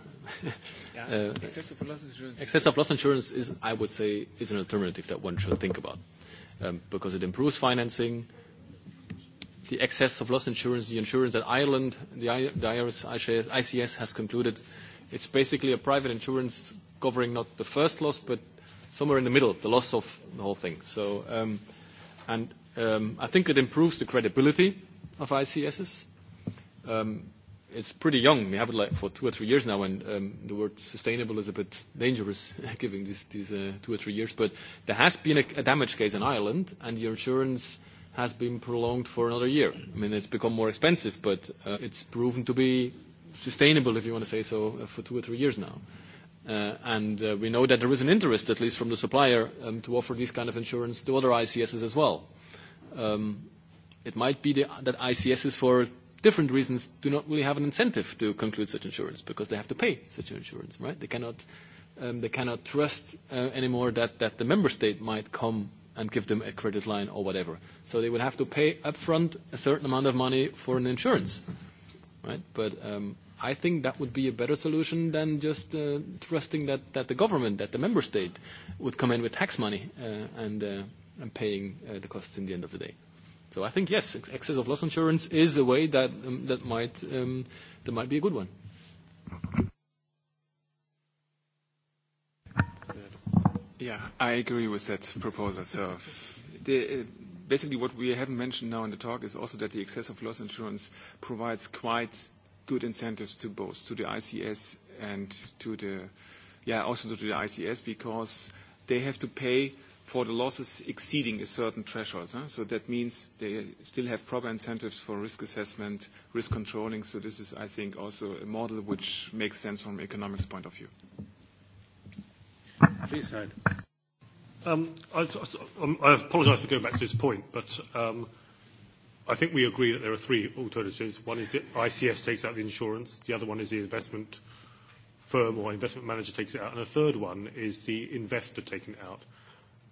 yeah, uh, excess of loss insurance. Excess of loss insurance is, I would say, is an alternative that one should think about um, because it improves financing. The excess of loss insurance, the insurance that Ireland, the, I, the IRS, ICS, ICS has concluded, it's basically a private insurance covering not the first loss, but somewhere in the middle, the loss of the whole thing. So, um, and um, I think it improves the credibility of ICSs. Um, it's pretty young. We have it like for two or three years now, and um, the word sustainable is a bit dangerous given these, these uh, two or three years. But there has been a, a damage case in Ireland, and the insurance has been prolonged for another year. I mean, it's become more expensive, but uh, it's proven to be sustainable, if you want to say so, uh, for two or three years now. Uh, and uh, we know that there is an interest, at least from the supplier, um, to offer these kind of insurance to other ICSs as well. Um, It might be the, that ICSs, for different reasons, do not really have an incentive to conclude such insurance because they have to pay such an insurance, right? They cannot, um, they cannot trust uh, anymore that, that the member state might come and give them a credit line or whatever. So they would have to pay upfront a certain amount of money for an insurance, right? But um, I think that would be a better solution than just uh, trusting that, that the government, that the member state, would come in with tax money uh, and, uh, and paying uh, the costs in the end of the day. So I think, yes, excess of loss insurance is a way that, um, that, might, um, that might be a good one. Yeah, I agree with that proposal. So the, uh, basically, what we haven't mentioned now in the talk is also that the excess of loss insurance provides quite good incentives to both, to the ICS and to the, yeah, also to the ICS, because they have to pay for the losses exceeding a certain threshold. Huh? So that means they still have proper incentives for risk assessment, risk controlling. So this is, I think, also a model which makes sense from economics point of view. Please, Howard. Um, I, I um, apologize for going back to this point, but um, I think we agree that there are three alternatives. One is that ICS takes out the insurance, the other one is the investment firm or investment manager takes it out, and a third one is the investor taking it out.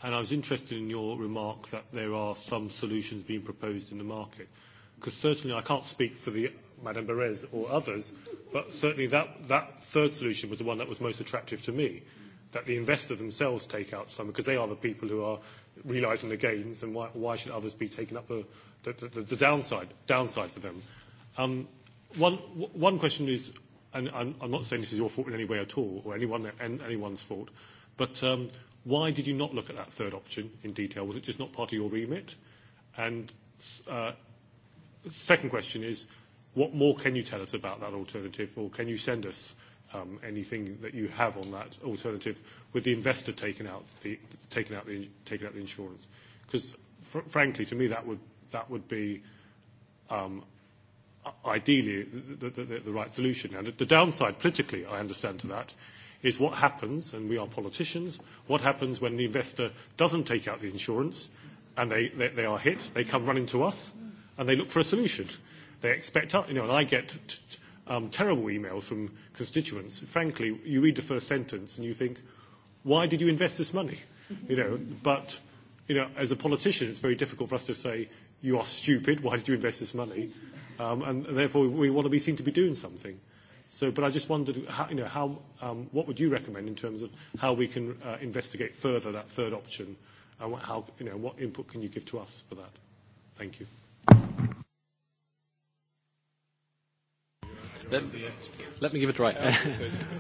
And I was interested in your remark that there are some solutions being proposed in the market, because certainly I can't speak for the Madame Bérez or others, but certainly that, that third solution was the one that was most attractive to me, that the investor themselves take out some, because they are the people who are realizing the gains, and why, why should others be taking up the, the, the, the downside, downside for them? Um, one, one question is, and I'm, I'm not saying this is your fault in any way at all, or anyone, anyone's fault, but um, Why did you not look at that third option in detail? Was it just not part of your remit? And uh, second question is, what more can you tell us about that alternative, or can you send us um, anything that you have on that alternative with the investor taking out the, taking out the, taking out the insurance? 'Cause fr frankly, to me, that would, that would be um, ideally the, the, the right solution. Now, the downside politically, I understand to that, is what happens, and we are politicians, what happens when the investor doesn't take out the insurance and they, they, they are hit, they come running to us and they look for a solution. They expect us, you know, and I get t- um, terrible emails from constituents. Frankly, you read the first sentence and you think, why did you invest this money? You know, but, you know, as a politician, it's very difficult for us to say, you are stupid, why did you invest this money? Um, and, and therefore, we want to be seen to be doing something. So, but I just wondered, how, you know, how, um, what would you recommend in terms of how we can uh, investigate further that third option, and what, how, you know, what input can you give to us for that? Thank you. Let, let me give it a try.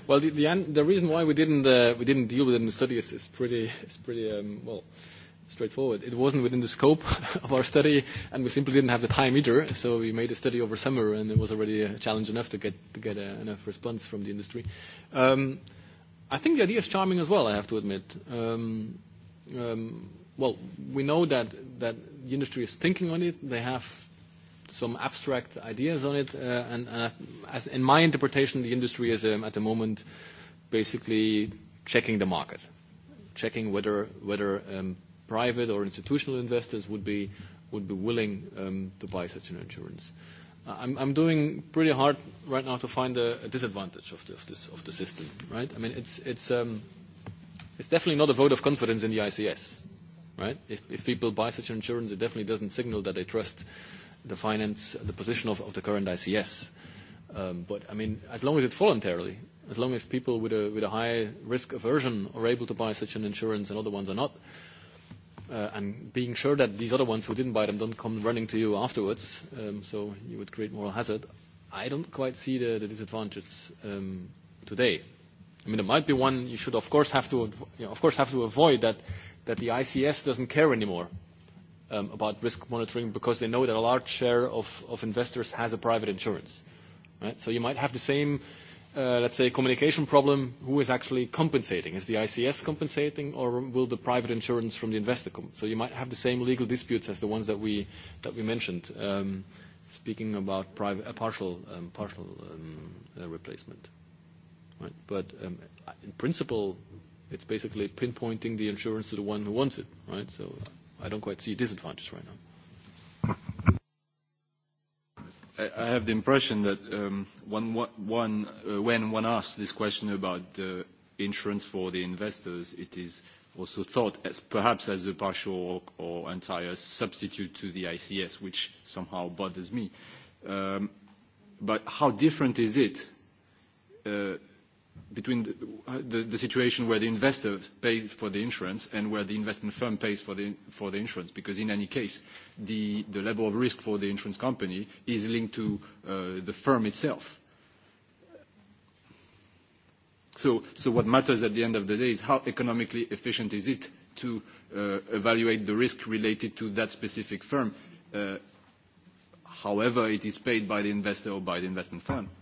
well, the, the, the reason why we didn't, uh, we didn't deal with it in the study is, is pretty, is pretty um, well straightforward. It wasn't within the scope of our study, and we simply didn't have the time either. So we made a study over summer, and it was already a challenge enough to get to get a, uh, enough response from the industry. Um, I think the idea is charming as well. I have to admit. Um, um, well, we know that that the industry is thinking on it. They have some abstract ideas on it, uh, and, and I, uh, as in my interpretation, the industry is um, at the moment basically checking the market, checking whether whether um, private or institutional investors would be would be willing um, to buy such an insurance. Uh, I'm, I'm doing pretty hard right now to find a, a disadvantage of the, of, this, of the system, right? I mean, it's, it's, um, it's definitely not a vote of confidence in the ICS, right? If, if people buy such insurance, it definitely doesn't signal that they trust the finance, the position of, of the current ICS. Um, but I mean, as long as it's voluntarily, as long as people with a, with a high risk aversion are able to buy such an insurance and other ones are not, uh, and being sure that these other ones who didn't buy them don't come running to you afterwards, um, so you would create moral hazard. I don't quite see the, the disadvantages um, today. I mean, there might be one you should, of course, have to, you know, of course, have to avoid that, that the ICS doesn't care anymore um, about risk monitoring because they know that a large share of, of investors has a private insurance. Right? So you might have the same uh, uh, let's say, communication problem, who is actually compensating? Is the ICS compensating, or will the private insurance from the investor come? So you might have the same legal disputes as the ones that we, that we mentioned, um, speaking about private, uh, partial, um, partial um, uh, replacement. Right? But um, in principle, it's basically pinpointing the insurance to the one who wants it, right? So I don't quite see a disadvantage right now. I have the impression that um, one, one, uh, when one asks this question about uh, insurance for the investors, it is also thought as perhaps as a partial or, or entire substitute to the ICS, which somehow bothers me. Um, but how different is it uh, between the, the, the situation where the investor pays for the insurance and where the investment firm pays for the, for the insurance, because in any case, the, the level of risk for the insurance company is linked to uh, the firm itself. So, so what matters at the end of the day is how economically efficient is it to uh, evaluate the risk related to that specific firm, uh, however it is paid by the investor or by the investment firm. Right.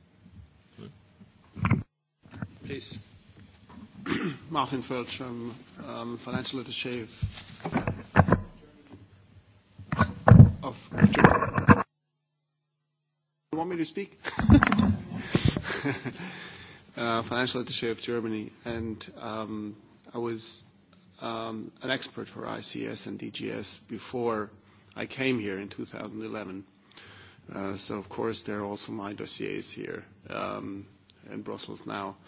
Please. Martin Fölsch, um, um, financial attaché of Germany. You want me to speak? uh, financial attaché of Germany, and um, I was um, an expert for ICS and DGS before I came here in 2011. Uh, so of course, there are also my dossiers here um, in Brussels now. Uh,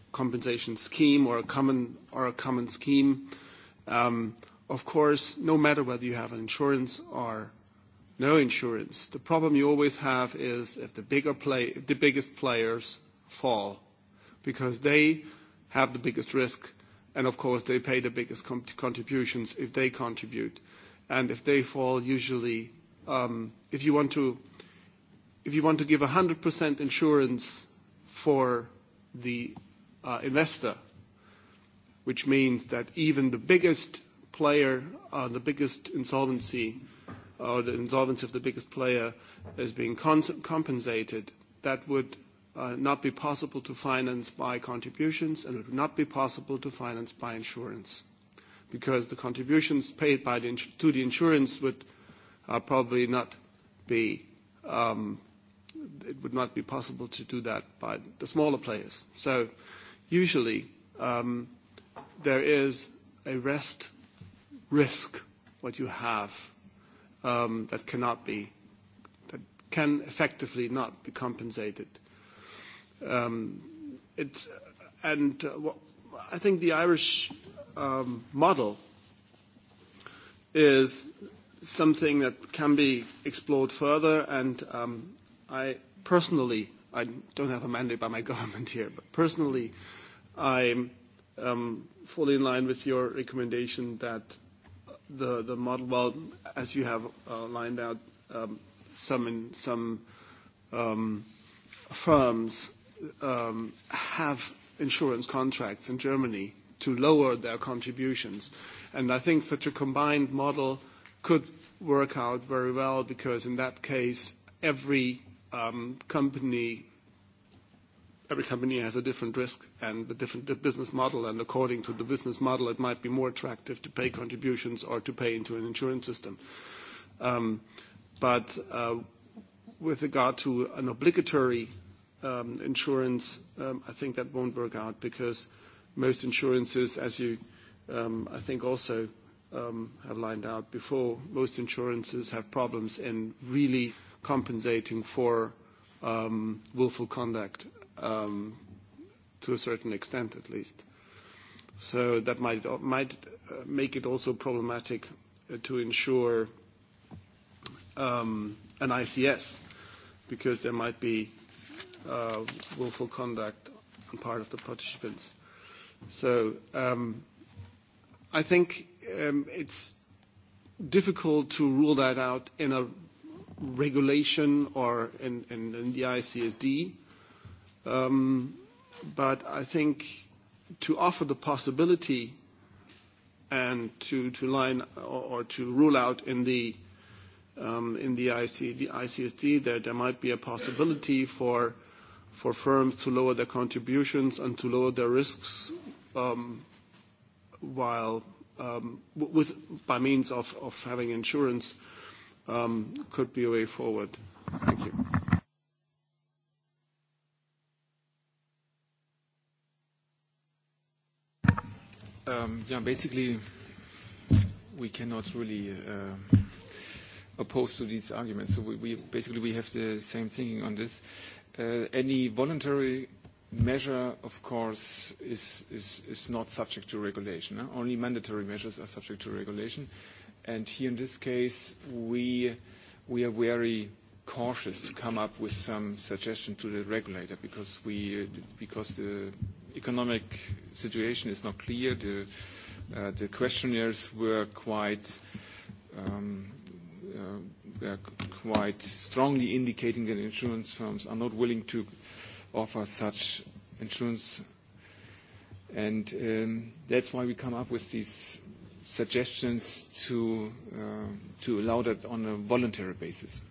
compensation scheme or a common or a common scheme. Um, of course, no matter whether you have an insurance or no insurance, the problem you always have is if the bigger play, the biggest players fall, because they have the biggest risk, and of course they pay the biggest com- contributions if they contribute, and if they fall, usually, um, if you want to, if you want to give 100% insurance for the uh, investor, which means that even the biggest player, uh, the biggest insolvency, or uh, the insolvency of the biggest player is being compensated, that would uh, not be possible to finance by contributions, and it would not be possible to finance by insurance, because the contributions paid by the ins- to the insurance would uh, probably not be. Um, it would not be possible to do that by the smaller players. So usually um, there is a rest risk, what you have, um, that cannot be, that can effectively not be compensated. Um, it, and uh, well, I think the Irish um, model is something that can be explored further, and um, I personally, I don't have a mandate by my government here, but personally, uh, I'm um, fully in line with your recommendation that the, the model, well, as you have uh, lined out, um, some, in, some um, firms um, have insurance contracts in Germany to lower their contributions. And I think such a combined model could work out very well because in that case, every um, company every company has a different risk and a different business model, and according to the business model, it might be more attractive to pay contributions or to pay into an insurance system. Um, but uh, with regard to an obligatory um, insurance, um, I think that won't work out because most insurances, as you, um, I think also, um, have lined out before, most insurances have problems in really compensating for um, willful conduct um, to a certain extent at least. So that might, might uh, make it also problematic uh, to ensure um, an ICS because there might be uh, willful conduct on part of the participants. So um, I think um, it's difficult to rule that out in a regulation or in, in, in the ICSD. Uh, Um, but I think to offer the possibility and to, to line or, or to rule out in the um, in the, IC, the ICSD that there might be a possibility for for firms to lower their contributions and to lower their risks um, while um, with by means of, of having insurance um, could be a way forward. Thank you. Um, yeah, basically, we cannot really uh, oppose to these arguments. So we, we basically we have the same thinking on this. Uh, any voluntary measure, of course, is, is, is not subject to regulation. Eh? Only mandatory measures are subject to regulation. And here in this case, we, we are very cautious to come up with some suggestion to the regulator because, we, because the economic situation is not clear. The, uh, the questionnaires were quite um, uh, were quite strongly indicating that insurance firms are not willing to offer such insurance. And um, that's why we come up with these suggestions to uh, to allow that on a voluntary basis.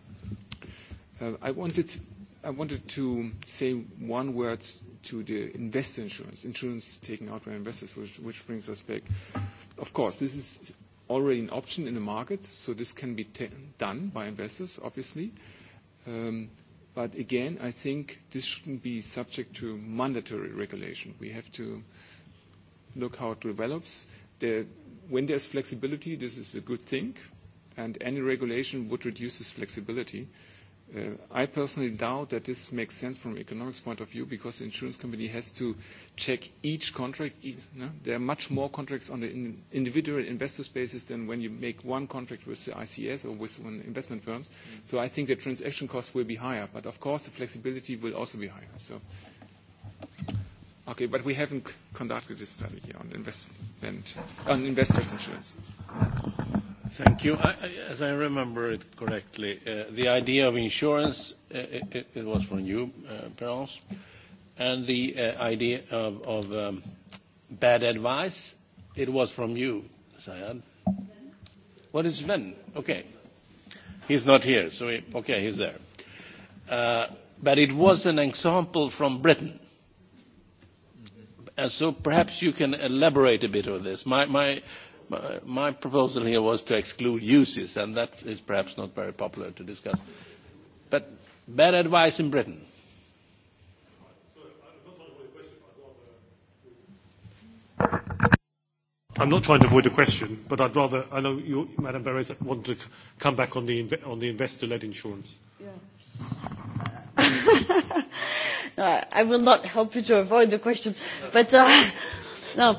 Uh, I wanted I wanted to say one word to the investor insurance, insurance taken out by investors, which, which brings us back. Of course, this is already an option in the market, so this can be done by investors, obviously. Um, but again, I think this shouldn't be subject to mandatory regulation. We have to look how it develops. The, when there's flexibility, this is a good thing, and any regulation would reduce this flexibility. Uh, Uh, I personally doubt that this makes sense from an economics point of view because the insurance company has to check each contract. Each, no? There are much more contracts on the in, individual investor basis than when you make one contract with the ICS or with one investment firms. Mm-hmm. So I think the transaction cost will be higher, but of course the flexibility will also be higher. So. Okay, but we haven't conducted this study here on investment, on investors insurance. Thank you. I, I, as I remember it correctly, uh, the idea of insurance, uh, it, it was from you, uh, Perrance, and the uh, idea of, of um, bad advice, it was from you, Sayad. What is Sven? Okay. He's not here, so he, okay, he's there. Uh, but it was an example from Britain. And uh, so perhaps you can elaborate a bit on this. My, my my, my proposal here was to exclude uses, and that is perhaps not very popular to discuss. But bad advice in Britain. I'm not trying to avoid a question, but I'd rather, I know you, Madam Beres, want to come back on the, on the investor-led insurance. Yeah. no, I will not help you to avoid the question, but uh, no.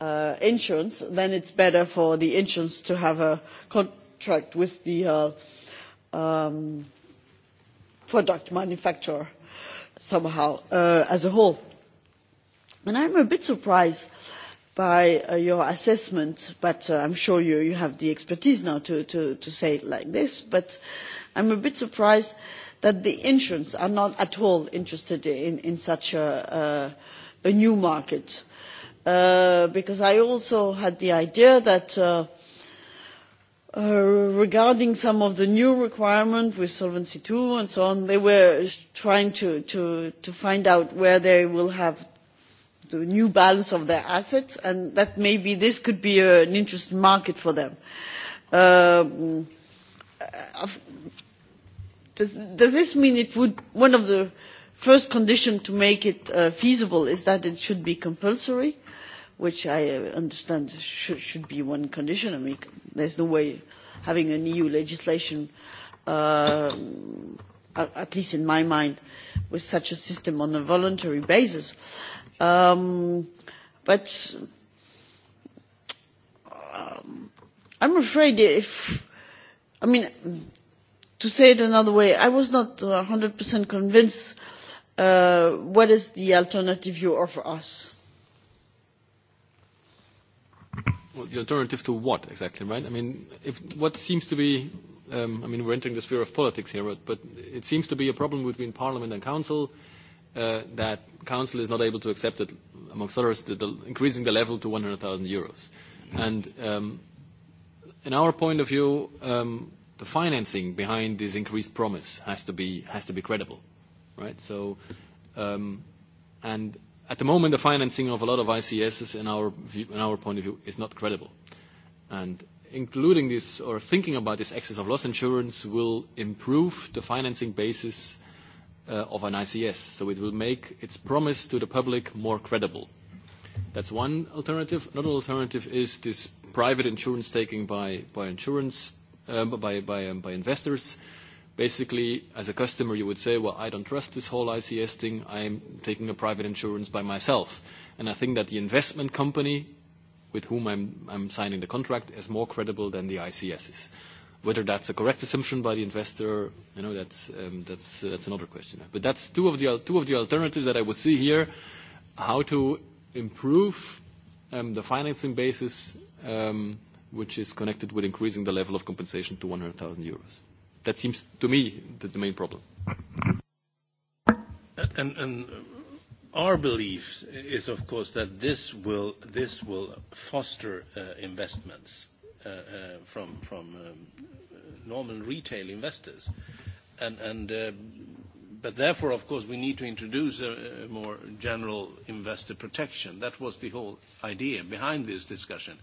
uh, insurance, then it's better for the insurance to have a contract with the uh, um, product manufacturer somehow uh, as a whole. And I'm a bit surprised by uh, your assessment, but uh, I'm sure you, you have the expertise now to, to, to say it like this, but I'm a bit surprised that the insurance are not at all interested in, in such a, uh, a new market. Uh, uh, because I also had the idea that uh, uh, regarding some of the new requirements with Solvency II and so on, they were trying to, to, to find out where they will have the new balance of their assets, and that maybe this could be a, an interesting market for them. Um, uh, does, does this mean it would one of the first condition to make it uh, feasible is that it should be compulsory, which I uh, understand should, should be one condition. I mean, there's no way having an EU legislation, uh, at least in my mind, with such a system on a voluntary basis. Um, but um, I'm afraid if, I mean, to say it another way, I was not 100% convinced uh, uh, what is the alternative you offer us? Well, the alternative to what exactly, right? I mean, if what seems to be, um, I mean, we're entering the sphere of politics here, but, but it seems to be a problem between Parliament and Council uh, that Council is not able to accept it, amongst others, the, the, increasing the level to 100,000 euros. And um, in our point of view, um, the financing behind this increased promise has to be, has to be credible right? So, um, and at the moment, the financing of a lot of ICSs, in our view, in our point of view, is not credible. And including this or thinking about this excess of loss insurance will improve the financing basis uh, of an ICS. So it will make its promise to the public more credible. That's one alternative. Another alternative is this private insurance taking by, by insurance, uh, by, by, um, by investors, uh, basically, as a customer, you would say, well, I don't trust this whole ICS thing. I'm taking a private insurance by myself. And I think that the investment company with whom I'm, I'm signing the contract is more credible than the ICSs. Whether that's a correct assumption by the investor, you know, that's, um, that's, uh, that's another question. But that's two of, the, two of the alternatives that I would see here, how to improve um, the financing basis, um, which is connected with increasing the level of compensation to 100,000 euros. That seems to me the, the main problem. And, and our belief is, of course, that this will, this will foster uh, investments uh, uh, from, from um, normal retail investors. And, and, uh, but therefore, of course, we need to introduce a, a more general investor protection. That was the whole idea behind this discussion. Uh,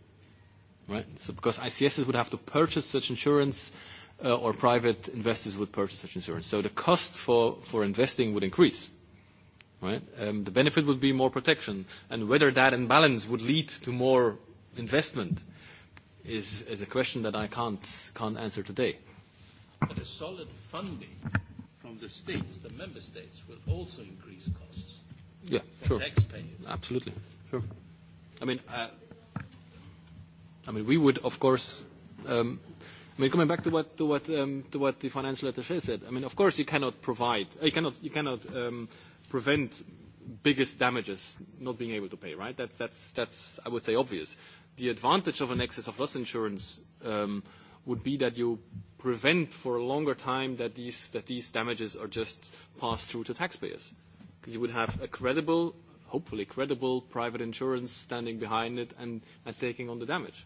right? So because ICSs would have to purchase such insurance, uh, or private investors would purchase such insurance. So the cost for, for investing would increase, right? Um, the benefit would be more protection, and whether that imbalance would lead to more investment is, is a question that I can't, can't answer today. But a solid funding from the states, the member states, will also increase costs. Yeah, for sure. For taxpayers. Absolutely. Sure. I mean, uh, I mean, we would, of course, um, I mean, coming back to what, to, what, um, to what the financial attaché said, I mean, of course, you cannot provide, uh, you cannot, you cannot um, prevent biggest damages not being able to pay, right? That's, that's, that's, I would say, obvious. The advantage of an excess of loss insurance um, would be that you prevent for a longer time that these, that these damages are just passed through to taxpayers. Because you would have a credible, hopefully credible, private insurance standing behind it and, and taking on the damage.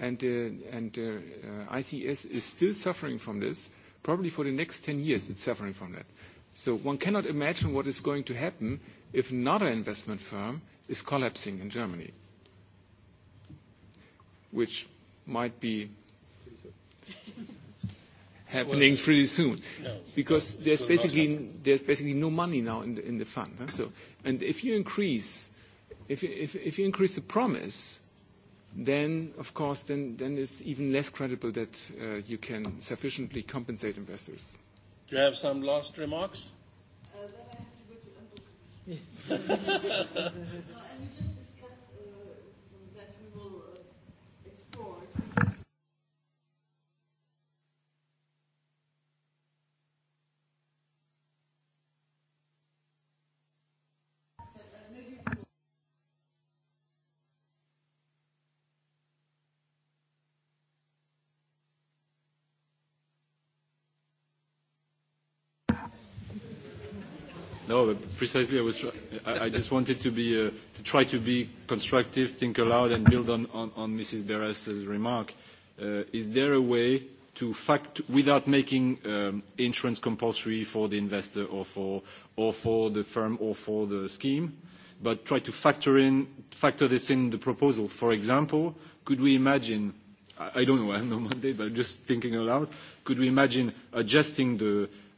and, uh, and uh, ICS is still suffering from this. Probably for the next 10 years, it's suffering from that. So one cannot imagine what is going to happen if another investment firm is collapsing in Germany, which might be happening well, pretty soon. No, because no, there's basically there's basically no money now in the, in the fund. Huh? So, and if you increase, if you, if, if you increase the promise then of course then, then it's even less credible that uh, you can sufficiently compensate investors. Do you have some last remarks? Uh, then I have to go to Ambush. no, and you just No, but precisely, I, was, I, I just wanted to, be, uh, to try to be constructive, think aloud, and build on, on, on Mrs. Beres's remark. Uh, is there a way to fact without making um, insurance compulsory for the investor or for, or for the firm or for the scheme, but try to factor, in, factor this in the proposal? For example, could we imagine, I, I don't know, I have no mandate, but just thinking aloud, could we imagine adjusting the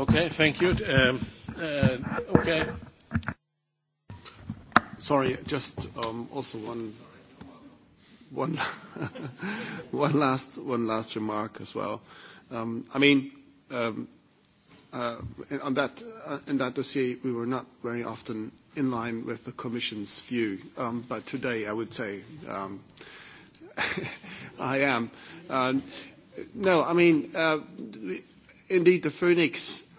Okay, thank you. Um, uh, okay. Sorry, just um, also one, one, one, last, one last remark as well. Um, I mean, um, Uh, on that, uh, in that dossier, we were not very often in line with the Commission's view. Um, but today, I would say, um, I am. Uh, no, I mean, uh, indeed, the Phoenix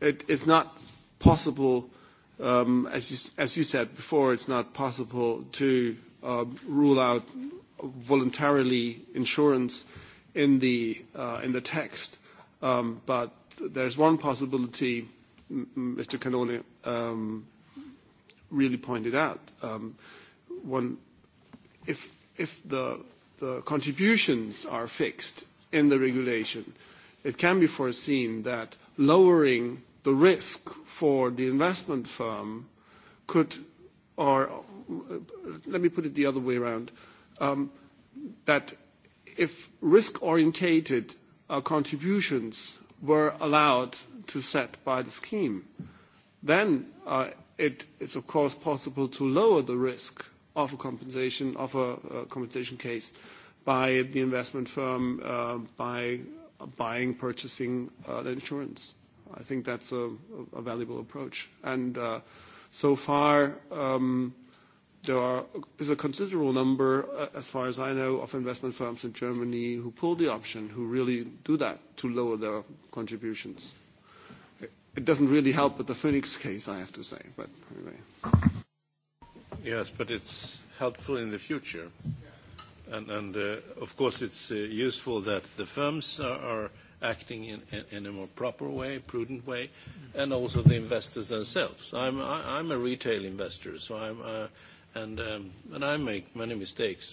it is not possible, um, as, you, as you said before, it's not possible to uh, rule out voluntarily insurance in the, uh, in the text. Um, but there's one possibility Mr. Canone um, really pointed out. Um, one, if, if the, the contributions are fixed in the regulation, it can be foreseen that lowering the risk for the investment firm could, or let me put it the other way around, um, that if risk-orientated uh, contributions were allowed to set by the scheme, then uh, it is of course possible to lower the risk of a compensation of a, a compensation case by the investment firm uh, by buying, purchasing uh, the insurance. I think that's a, a valuable approach. And uh, so far, um, there are, is a considerable number, uh, as far as I know, of investment firms in Germany who pull the option, who really do that to lower their contributions. It, it doesn't really help with the Phoenix case, I have to say, but anyway. Yes, but it's helpful in the future. And, and uh, of course, it's uh, useful that the firms are, are acting in, in a more proper way, prudent way, and also the investors themselves. I'm, I, I'm a retail investor, so I'm, uh, and, um, and I make many mistakes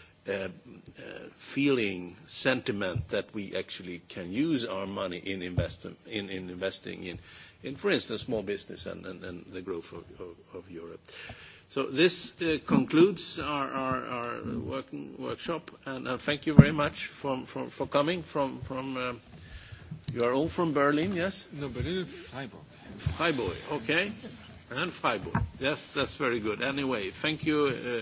uh, uh, feeling, sentiment that we actually can use our money in, invest, in, in investing in, in, for instance, small business and, and, and the growth of, of, of Europe. So this uh, concludes our, our, our working workshop, and uh, thank you very much from, from, for coming from, from uh, you are all from Berlin, yes? No, Berlin, Freiburg. Freiburg, okay. And Freiburg. Yes, that's very good. Anyway, thank you. Uh,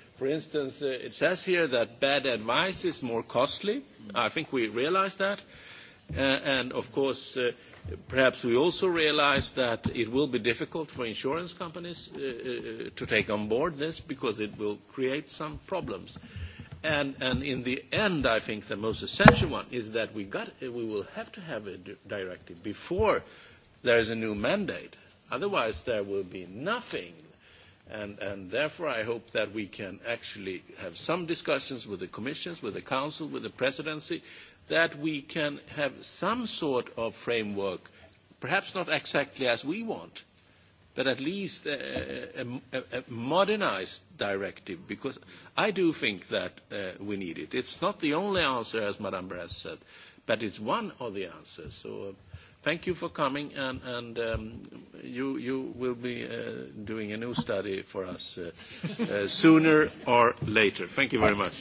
For instance, uh, it says here that bad advice is more costly. I think we realize that. Uh, and of course, uh, perhaps we also realize that it will be difficult for insurance companies uh, uh, to take on board this because it will create some problems. And, and in the end, I think the most essential one is that we, got, uh, we will have to have a directive before there is a new mandate. Otherwise, there will be nothing And, and therefore, I hope that we can actually have some discussions with the commissions, with the council, with the presidency, that we can have some sort of framework, perhaps not exactly as we want, but at least a, a, a modernized directive, because I do think that uh, we need it. It's not the only answer, as Madame Bress said, but it's one of the answers. So, uh, Thank you for coming, and, and um, you, you will be uh, doing a new study for us uh, uh, sooner or later. Thank you very much.